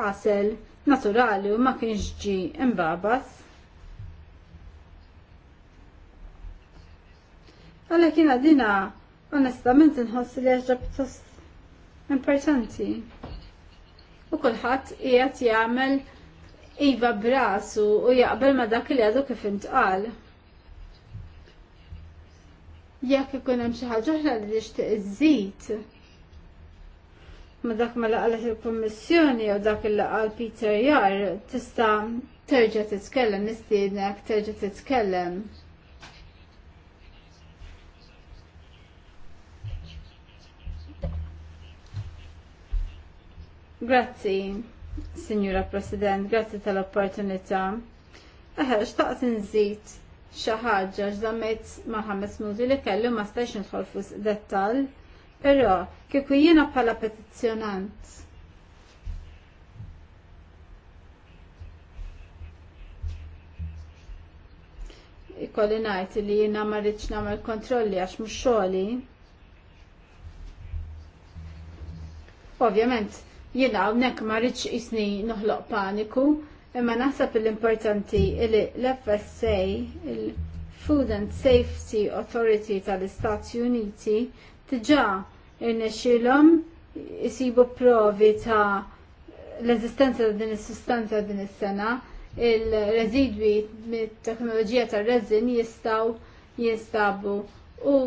Speaker 3: qasel naturali u ma kienx ġi imbabas. Għalla jina dina, onestament nħossi li għagġa pjuttost importanti. U kullħat qiegħed jagħmel iva brasu u jaqbel ma dak li għadu kif intqal. Jekk ikun hemm xi ħaġa oħra li tixtieq iżid ma dak ma laqalet il-Kummissjoni jew dak il laqal Peter Jar tista' terġa' titkellem nistiednek terġa' titkellem. Grazzi, Signora President, grazzi tal-opportunità. Eħe, xtaqt nżid xi ħaġa x'żammejt ma' ħames minuti li kellu ma stajx nidħol fuq dettall, però kieku jiena bħala petizzjonant. ikolli najt li jina marriċ namel kontrolli għax mhux xoli. Ovvjament, Jena hawnhekk ma rridx isni noħloq paniku, imma naħseb l-importanti li l-FSA, il-Food and Safety Authority tal-Istati Uniti, diġà irnexxilhom jisibu provi ta' l-eżistenza ta' din is-sustanza din is-sena, il-residwi mit-teknoloġija tar-reżin jistgħu jinstabu u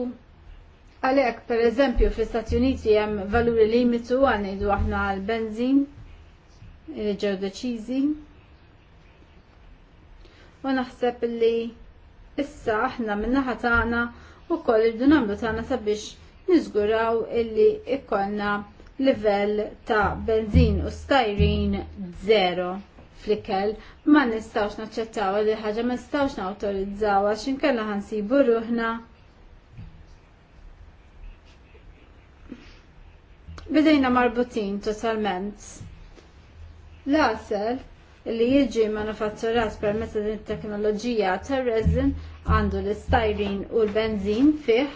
Speaker 3: Għalek, per eżempju, fi Stati Uniti jem valuri limitu għan idu aħna għal-benzin, li eh, ġew deċizi. U naħseb li issa aħna minnaħa tagħna u koll irdu nagħmlu tagħna sabiex niżguraw illi ikollna livell ta' benzin u stajrin zero fl-ikel ma nistawx naċċettaw li ħaġa ma nistawx nawtorizzaw għax inkella ħansibu ruħna Bidejna marbutin totalment. l li jiġi manufatturat permezz din it-teknoloġija tar-resin għandu l-istajrin u l-benzin fih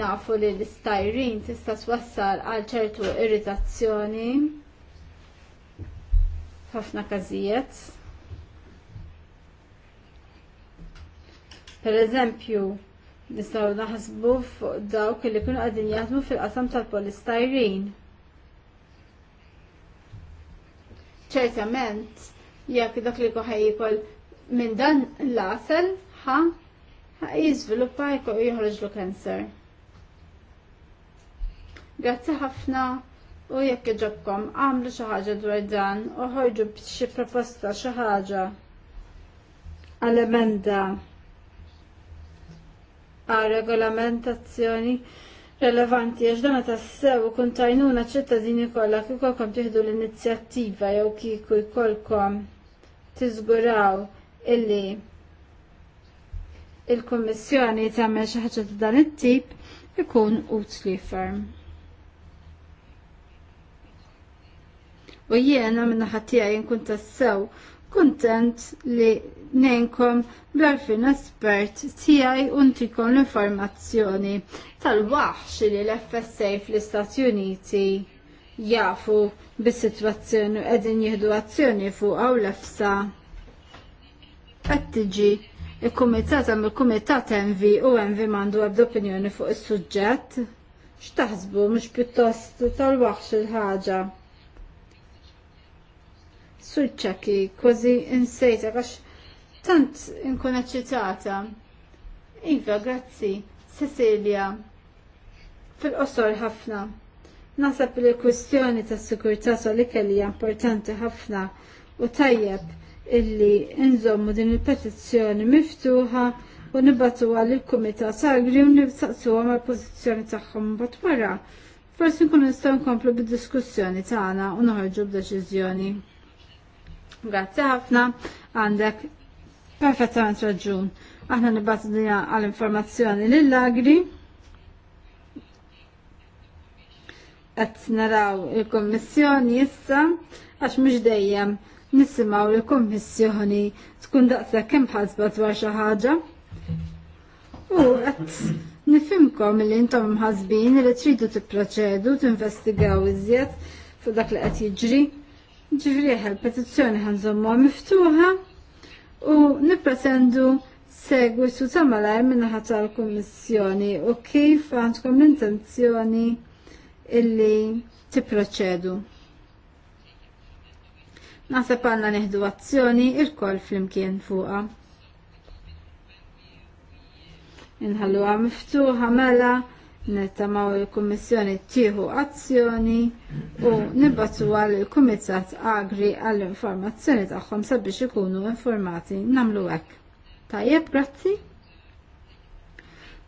Speaker 3: nafu li l-istajrin tista' twassal għal ċertu irritazzjoni ħafna każijiet. Per eżempju, Nistgħu naħsbu fuq dawk li kienu qegħdin jaħdmu fil-qasam tal-polistajrin. Ċertament, jekk dak li kuħaj jikol minn dan l-asel ħa jizviluppa joħroġ lu kanser. Grazzi ħafna u jekk iġobkom għamlu xi ħaġa dwar dan u ħorġu b'xi proposta xi ħaġa għal emenda għal regolamentazzjoni relevanti għax dan tassew u kuntajnuna ċittadini kollha kif kolkom tieħdu l-inizjattiva jew kieku jkollkom tiżguraw illi il-Kummissjoni tagħmel xi ħaġa ta' dan it-tip ikun utli ferm. U jiena minna naħa tiegħi kun tassew kuntent li nejnkom bl-arfin espert tijaj untikom l-informazzjoni tal wax li l-FSA fl-Istati Uniti jafu bis-situazzjoni u edin jihdu azzjoni fuq għaw l fsa Għattiġi il-Kumitat għam il-Kumitat MV u MV mandu għabd opinjoni fuq il-sujġet. Xtaħsbu mux pjuttost tal-waħx il-ħagġa. Suċċaki, kważi insejta għax tant inkun eċċitata. Iva, grazzi, Cecilia, fil-qosor ħafna. Nasab li l-kwistjoni ta' sikurtà solikeli importanti ħafna u tajjeb illi inżommu din il-petizzjoni miftuħa u nibatu għal il komita sagri u nibsaqsu għam il pozizjoni tagħhom bat wara. Forsi nkun nistgħu nkomplu bid-diskussjoni tagħna u noħorġu b'deċiżjoni. Grazzi ħafna għandek Perfettament raġun. Aħna nibatu dinja għal-informazzjoni lill-agri. Qed naraw il kummissjoni issa għax mhux dejjem nisimgħu l-Kummissjoni tkun daqsa kemm ħasba dwar xi ħaġa. U qed nifimkom li intom mħazbin li tridu tipproċedu tinvestigaw iżjed fuq dak li qed jiġri. il petizzjoni ħanżommuha miftuħa u nipretendu segwi ta' malajr minnaħa tal-Kummissjoni u kif għandkom l-intenzjoni illi tipproċedu. Naħseb panna neħdu azzjoni il-koll fl-imkien fuqa. Inħalluha miftuħa mela nittamaw il-Kummissjoni tieħu azzjoni u nibbatu għal il-Kumitat Agri għall-informazzjoni tagħhom sabiex ikunu informati namlu hekk. Tajjeb, grazzi.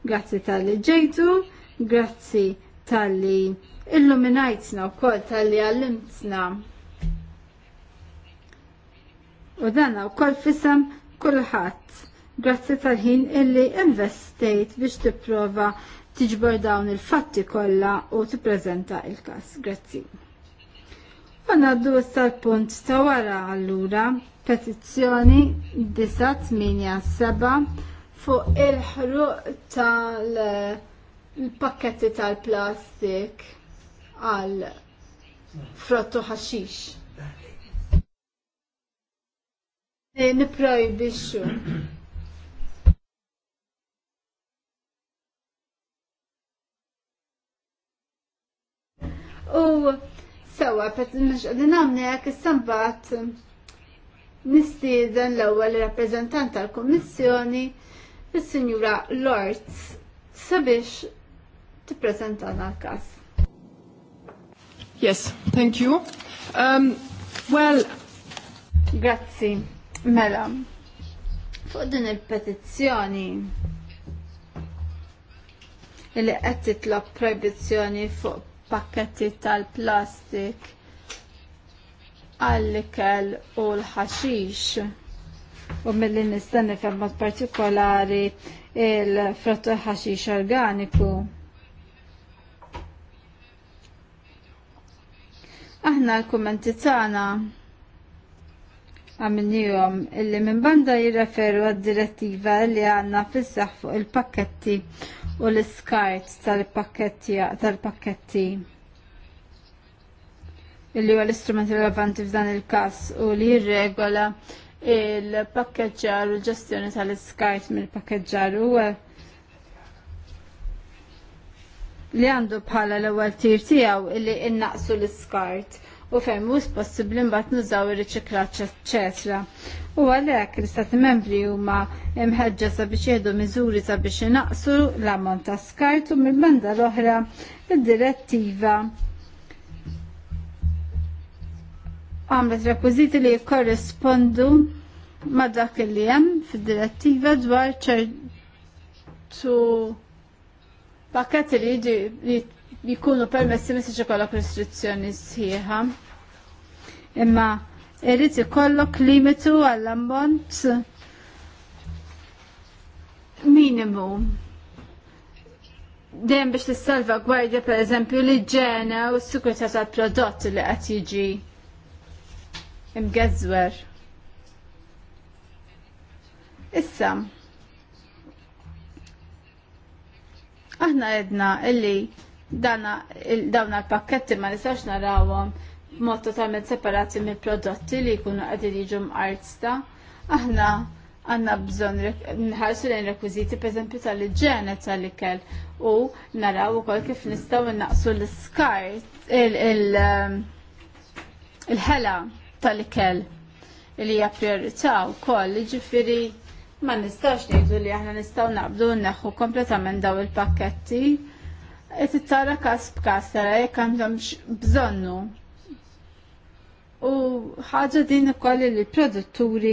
Speaker 3: Grazzi tal-li ġejtu, grazzi tal-li illuminajtna u kol tal-li għallimtna. U danna u kol fisem kullħat. Grazzi tal-ħin illi investejt biex tipprova prova tiġbor dawn il-fatti kollha u tippreżenta il-każ. Grazzi. U ngħaddu sal punt ta' wara allura petizzjoni 987 fuq il-ħruq tal-pakketti tal-plastik għal frottu ħaxix. Eh, niprojbixxu. U sewa, pet għak s sambat nistiden l-ewel rappresentant tal-Kommissjoni, il-Sinjura Lords sabiex tippreżentana l-kas.
Speaker 2: Yes, thank you. Um,
Speaker 3: well, Grazzi, mela. Fuq din il-petizzjoni li qed titlob proibizzjoni fuq pakketti tal-plastik għall-ikel u l-ħaxix. U mill-li nistenni nifhem mod partikolari il-frottu ħaxix organiku. Aħna l-kummenti tagħna għamilnijom illi minn banda jirreferu għad-direttiva li għanna fissaħ fuq il-pakketti u l-iskart tal-pakketti illi huwa l-istrument rilevanti f'dan il-każ u li jirregola il-pakkeġġar u l-ġestjoni tal-iskart mill-pakkeġġar u li għandu bħala l-ewwel tir tiegħu illi innaqsu l-iskart u fejn mhux possibbli mbagħad nużaw ir-riċiklaġġ eċetera. U għalhekk l-Istati Membri huma imħeġġa sabiex jieħdu miżuri sabiex inaqsu l-ammont ta' skart u mill-banda l-oħra id-direttiva għamlet rekwiżiti li jikkorrispondu ma' dak li hemm fid-direttiva dwar ċertu pakket li jiġi jikunu permessi mis ikollok restrizzjoni sħiħa. Imma irrit ikollok limitu għall-ammont minimum. Dejjem biex tissalva gwardja per eżempju li ġena u s-sikurtà tal-prodott li qed jiġi imgeżwer. Issa, aħna edna illi dana dawna l-pakketti ma nistax narawhom mod totalment separati mill prodotti li jkunu qegħdin jiġu mqartsta. Aħna għanna bżonn nħarsu lejn rekwiżiti pereżempju tal-iġġene tal-ikel u naraw ukoll kif nistgħu naqsu l iskar um, il-ħela tal-ikel li hija priorità wkoll jiġifieri ma nistax ngħidu li aħna nistgħu naqbdu nneħħu kompletament daw il-pakketti qed tara każ b'każ tara jekk għandhomx bżonnu. U ħaġa din ukoll li l-produtturi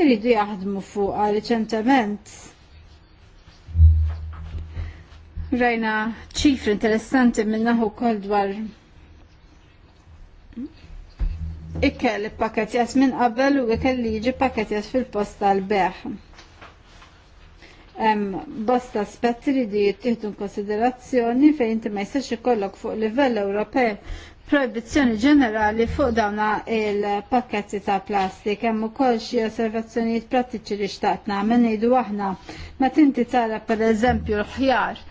Speaker 3: jridu jaħdmu fuqha reċentament. Rajna ċifri interessanti minnaħu kol dwar ikkel il jas minn qabel u ikkel li jiġi jas fil posta l beħ hemm bosta aspetti li di jittieħdu konsiderazzjoni fejn inti ma jistax ikollok fuq livell Ewropew proibizzjoni ġenerali fuq dawna il-pakketti ta' plastik hemm ukoll xi osservazzjonijiet prattiċi li xtaqt nagħmel ngħidu aħna ma tinti tara pereżempju l-ħjar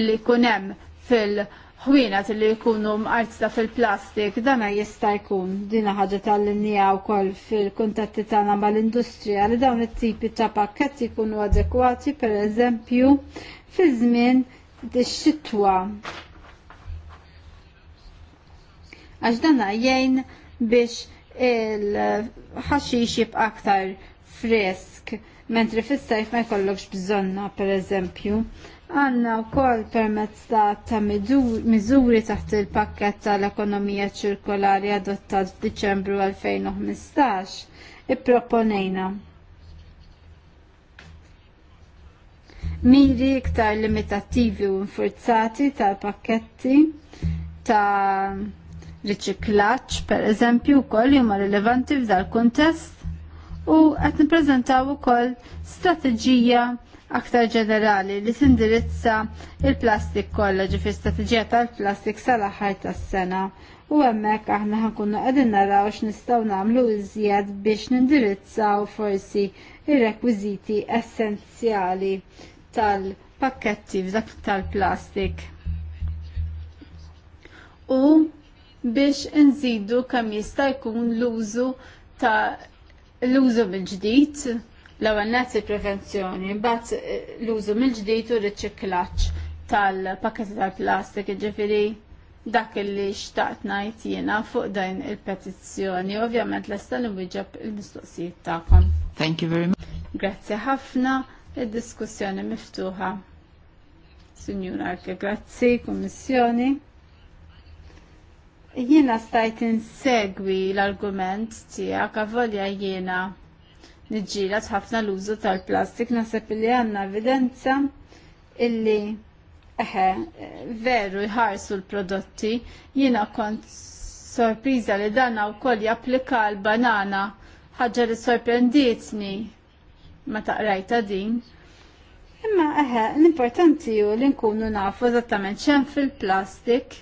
Speaker 3: illi jkun hemm fil- ħwienet li jkunu mqartita fil-plastik, dana jista' jkun dina ħaġa tal-linja wkoll fil-kuntatti tagħna mal-industrija li dawn it-tipi ta' pakketti jkunu adekwati pereżempju fi żmien ix-xitwa. Għax dana jgħin biex il-ħaxix jibqa' aktar fresk, mentri fis-sajf ma jkollokx bżonna pereżempju. eżempju Għanna u koll permezz ta' miżuri taħt il-pakket tal-ekonomija ċirkolari adottat f'Diċembru 2015 ipproponejna miri iktar limitattivi u infurzati tal-pakketti ta' riċiklaċ, per eżempju, koll huma rilevanti f'dal kuntest u qed nippreżentaw ukoll strateġija aktar ġenerali li tindirizza il-plastik kollha fi strategija tal-plastik sal-aħħar tas-sena. U hemmhekk aħna ħankunu qegħdin naraw x'nistgħu nagħmlu iżjed biex nindirizzaw forsi ir-rekwiżiti essenzjali tal-pakketti f'dak tal-plastik. U biex nżidu kemm jista' jkun l-użu ta' l-użu mill-ġdid L-ewwel nett il-prevenzjoni, mbagħad eh, l-użu mill-ġdid u riċiklaġġ tal-pakketti tal-plastik, ġifieri dak li xtaqt ngħid jiena fuq dan il-petizzjoni. Ovvjament lesta li wieġeb il-mistoqsijiet tagħkom. Thank you very much. Grazzi ħafna, id-diskussjoni miftuħa. Signor Arke, grazzi, Kummissjoni. Jiena stajt insegwi l-argument tiegħek avolja jiena nġilat ħafna l-użu tal-plastik nasab li għanna evidenza illi eħe, veru jħarsu l-prodotti jina kont sorpriza li danna u koll japplika l-banana ħagġa li sorprendietni ma taqrajta din. Imma eħe, l-importanti ju li nkunu nafu eżattament ċen fil-plastik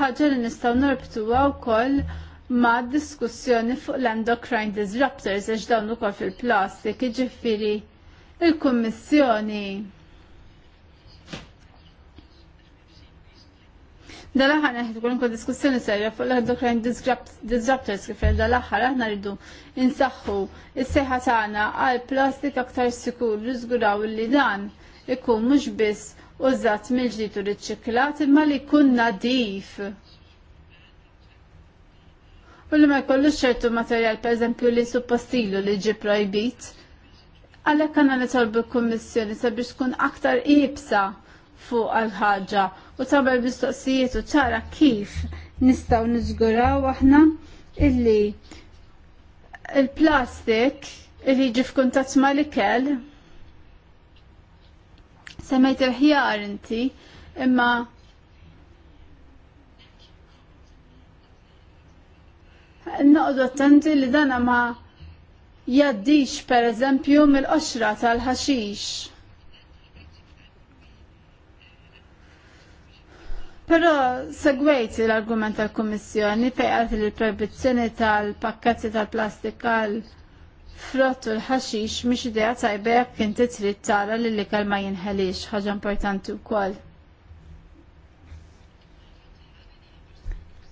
Speaker 3: ħagġa li nistaw norbtu għaw koll ma' diskussjoni fuq l-endocrine disruptors għax dawn ukoll fil-plastik, ġifiri il-Kummissjoni. Dal-aħħar neħed kun diskussjoni serja fuq l-endocrine disruptors kif l aħħar aħna rridu insaħħu is-seħħa tagħna għal plastik aktar sikur riżguraw li dan ikun mhux biss użat mill-ġdid u riċċiklat imma li jkun nadif u ma jkollux ċertu materjal pereżempju li suppostilu li ġi projbit. Għalhekk kanna nitolbu l-Kummissjoni sabiex tkun aktar ibsa fuq għal-ħaġa u tabel mistoqsijiet u ċara kif nistaw nizguraw aħna illi il-plastik illi ġi f'kuntat ma' ikel semmejt il-ħjar inti imma noqdu attenti li dana ma jaddix per eżempju mill-qoxra tal-ħaxix. Però segwejt l-argument tal-Kommissjoni fejqat li l-proibizzjoni tal-pakkazzi tal-plastika l-frott u l-ħaxix miex idea tajba jekk inti trid tara li l-ikel ma jinħelix, ħaġa importanti wkoll.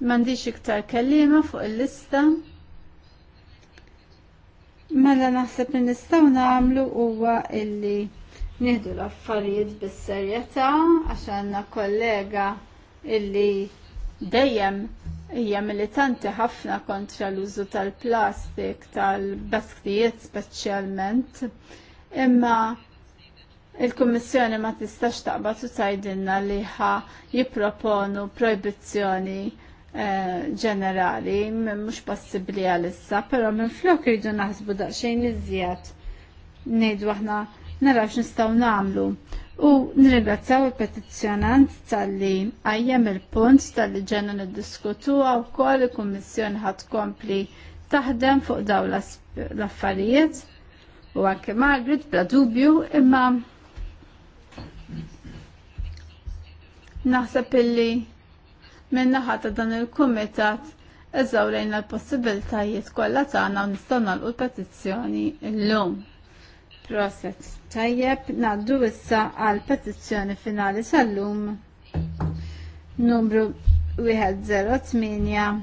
Speaker 3: Mandiċ iktar kellima fuq il-lista. Mela naħseb li nistgħu nagħmlu huwa illi nieħdu l-affarijiet bis-serjetà għax għandna kollega illi dejjem hija militanti ħafna kontra l-użu tal-plastik tal-basktijiet speċjalment. Imma il-Kummissjoni ma tistax taqbad u tgħidilna li ħa jipproponu proibizzjoni Eh, ġenerali, mhux possibbli għalissa, però minn flok irridu naħsbu daqsxejn iżjed ngħidu għahna naraw nistaw nagħmlu. U nirringrazzjaw il-petizzjonant tal-li għajjem il-punt tal-li ġenna nid-diskutu għaw kol il-Kummissjoni ħat kompli taħdem fuq daw l-affarijiet u anke Margaret bla dubju imma naħseb illi minna ta' dan il-kumitat eżawrejna l-possibiltajiet kollha tagħna u nistgħu nagħlqu l-petizzjoni llum. Proset. Tajjeb ngħaddu issa għal petizzjoni finali tal lum numru 108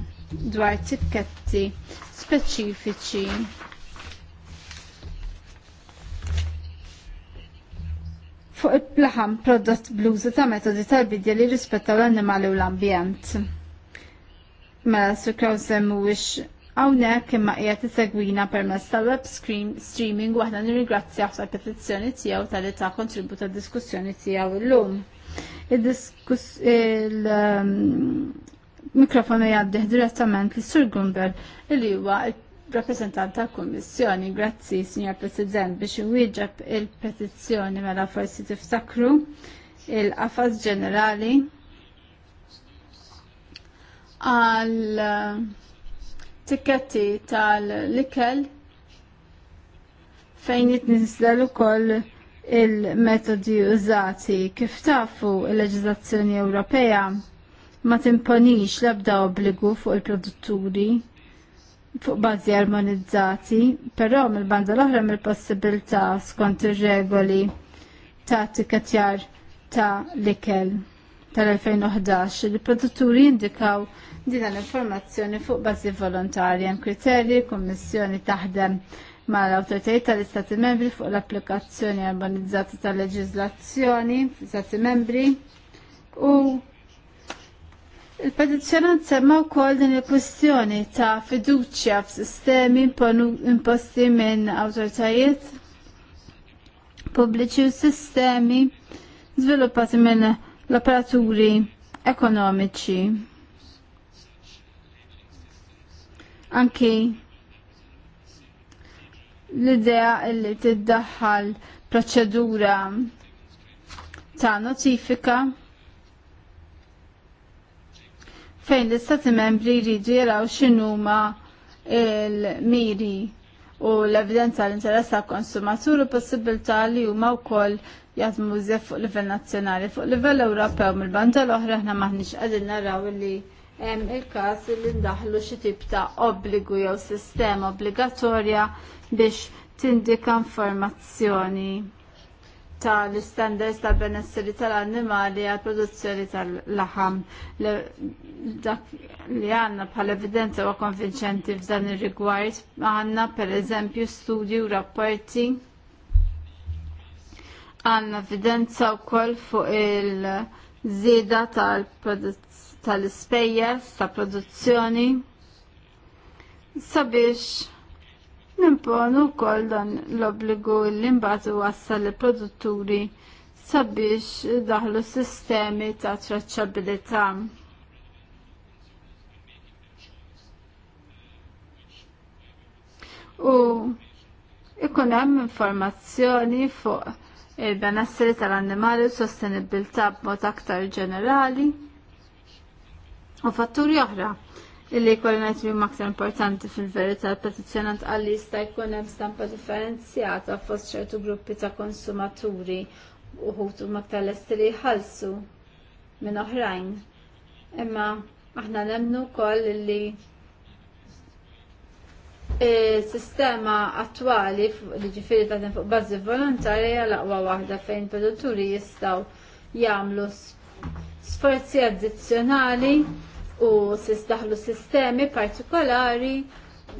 Speaker 3: dwar tikketti speċifiċi fuq il-plaħam prodott bluzu ta' metodi tal-bidja li rispettaw l-annimali u l-ambjent. Mela s-sukraw semmu Għawnek imma qiegħed isegwina permezz tal-web streaming waħda nirringrazzja tal-petizzjoni tiegħu tal-li ta' kontribut tad-diskussjoni tiegħu llum. Il-mikrofonu um, jgħaddih direttament li Sur Gumber li huwa rappresentant tal-Kummissjoni. Grazzi, Signor President, biex iwieġeb il-petizzjoni mela forsi tiftakru il-qafas ġenerali għal uh, tikketti tal-likel fejn jitnisdel ukoll il-metodi użati kif tafu il-leġizazzjoni Ewropea ma timponix l-ebda obbligu fuq il-produtturi fuq bazzi armonizzati, però mill-banda l-oħra mill-possibilità skont ir-regoli ta' tikatjar ta' l-ikel tal-2011 li produtturi indikaw din l-informazzjoni fuq bazzi volontarja hemm kriterji kummissjoni taħdem ma' l tal-Istati membri fuq l-applikazzjoni armonizzata tal-leġiżlazzjoni fl-Istati membri u Il-petizzjonant semma wkoll din il-kwistjoni ta' fiduċja f'sistemi imposti minn awtoritajiet pubbliċi u sistemi żviluppati minn l-operaturi ekonomiċi. Anki l-idea li tiddaħħal proċedura ta' notifika fejn l-istati membri jridu jaraw x'inhuma il-miri u l-evidenza l-interess tal konsumatur u possibilità li huma wkoll jaħdmu żef fuq livell nazzjonali. Fuq livell Ewropew mill-banda l-oħra aħna maħniex qegħdin naraw li hemm il-każ li ndaħlu xi tip ta' obbligu jew sistema obbligatorja biex tindika informazzjoni tal istandards tal-benesseri tal-annimali għal produzzjoni tal-laħam. li għanna bħal evidenza u konvinċenti f'dan ir-rigward, għanna per eżempju u rapporti għanna evidenza u koll fuq il-żieda tal-ispejjeż ta' produzzjoni sabiex nimponu wkoll dan l-obbligu li mbagħad wassal l produtturi sabiex daħlu sistemi ta' traċċabilità. U ikun hemm informazzjoni fuq il-benessri tal-annimali u sostenibilità b'mod aktar ġenerali u fatturi oħra illi kollin għajt minn maktar importanti fil-verita l-petizjonant għalli jista' jkun hemm stampa differenzjata fost ċertu gruppi ta' konsumaturi uħutu maktar l-esti li jħalsu minn oħrajn. Imma aħna nemnu koll illi sistema attuali li ġifiri ta' fuq bazzi volontarja l-aqwa waħda fejn produtturi jistaw jagħmlu sforzi addizzjonali u s-daħlu sistemi partikolari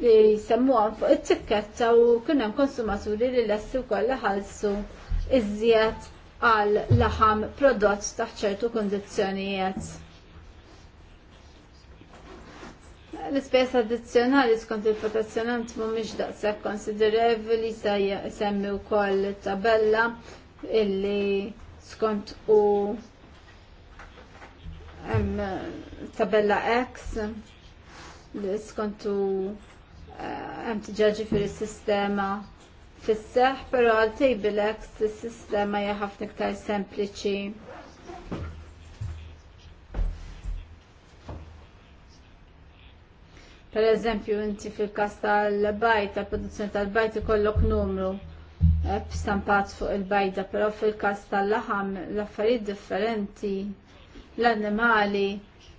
Speaker 3: li għan fuq it-tikketta u kien hemm konsumaturi li lessi wkoll ħalsu iżjed għal laħam prodott taħċertu ċertu kundizzjonijiet. L-ispejs addizzjonali skont il-protezzjonant mhumiex daqshekk konsiderevoli se jsemmi wkoll tabella illi skont u hemm eh, tabella X li skontu eh, hemm tiġa fil sistema fis-seħ, però għal table X is-sistema hija ħafna iktar sempliċi. per eżempju inti fil-kas tal-bajt, tal-produzzjoni tal-bajt ikollok numru eh, b'stampat fuq il-bajda, però fil-kas tal-laħam l-affarijiet differenti l-annimali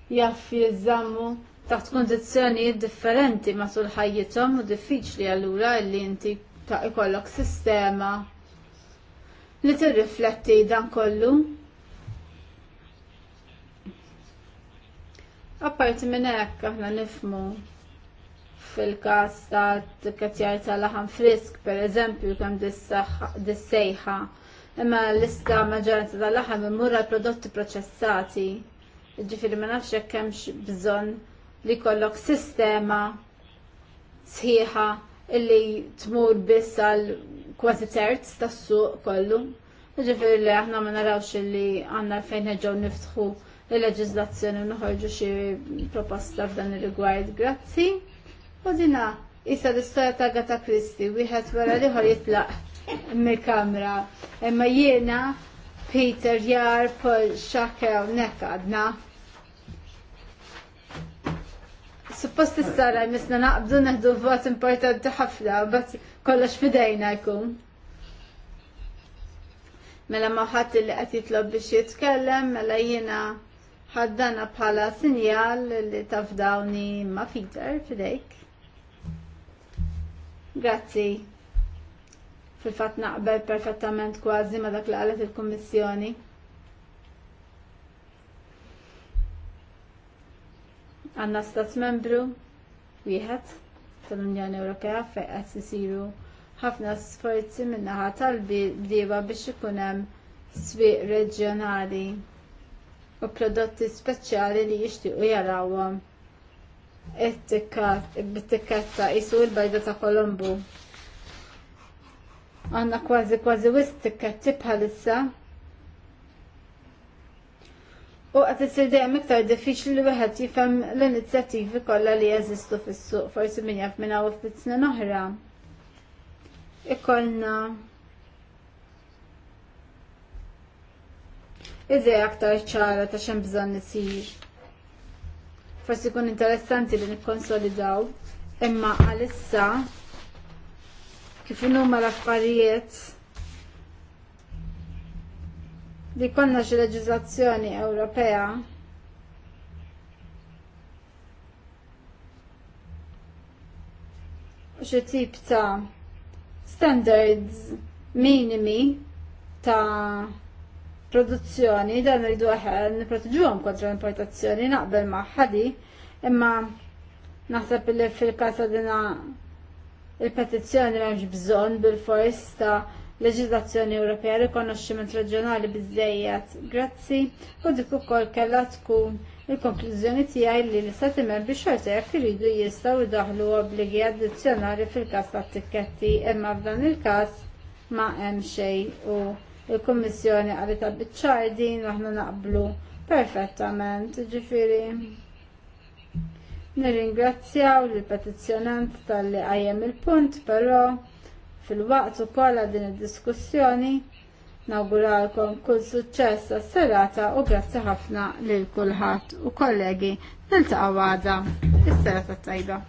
Speaker 3: jaff jizzammu taħt kondizjoni differenti matul ħajjithom u diffiċli għallura li inti ta' ikollok sistema li tirrifletti dan kollu. Apparti minn hekk aħna nifmu fil-każ ta' tikkatjar tal-laħam frisk pereżempju kemm dis-sejħa imma l lista maġġoranza tal-laħam immur għal prodotti proċessati. Ġifiri ma nafx jekk hemmx bżonn li kollok sistema sħiħa illi tmur biss għal kważi terz tas-suq kollu. Ġifiri li aħna ma narawx illi għandna fejn ħeġġew niftħu il-leġizlazzjoni noħorġu xi proposta f'dan ir-rigward. Grazzi. U issa l-istorja ta' Gata Kristi, wieħed wara liħor jitlaq mill-kamra. Imma jiena Peter jar Paul xakka nekadna. Suppost t-sara, misna naqbdu neħdu vot importanti ħafna, bat kollox fidejna jkun. Mela maħat li qed jitlob biex jitkellem, mela jiena ħaddana bħala sinjal li tafdawni ma' Peter fidejk. Grazzi fil-fatt naqbel perfettament kważi ma dak li qalet il-Kummissjoni. Għanna stat membru wieħed tal-Unjoni Ewropea fejn qed isiru ħafna sforzi min-naħa tal-bdiba biex ikun hemm swieq reġjonali u prodotti speċjali li jixtiequ jarawhom it-tikketta qisu l-bajda ta' Kolombu għanna kważi kważi wistikketti lissa. U għat isir dejjem iktar diffiċli li wieħed jifhem l-inizjattivi kollha li jeżistu fis-suq forsi min jaf minn hawn ftit snin oħra. Ikollna Iżej aktar ċara ta' xem bżonn isir. Forsi jkun interessanti li nikkonsolidaw imma għalissa kif huma l-affarijiet li konna xi leġiżlazzjoni Ewropea xi tip ta' standards minimi ta' produzzjoni dan rridu aħjar niprotiġuhom kontra l-importazzjoni naqbel ma' ħadi imma naħseb li fil-kasa dina il-petizzjoni m'hemmx bżonn bil-fors ta' leġiżlazzjoni Ewropea rikonoxximent reġjonali biżejjed grazzi u dik ukoll kellha tkun il-konklużjoni tiegħi li l-istati membri xorta jekk iridu jistgħu jdaħlu obbligi addizzjonali fil-każ tat-tikketti imma f'dan il-każ ma hemm xejn u il kummissjoni qalet biċ din aħna naqblu perfettament, ġifieri. Nirringrazzjaw li petizzjonant tal-li għajem il-punt, però fil-waqt ukoll din id-diskussjoni nawguralkom kull suċċess għas-serata u grazzi ħafna lil kulħadd u kollegi nil-taqawada. is-serata tajba.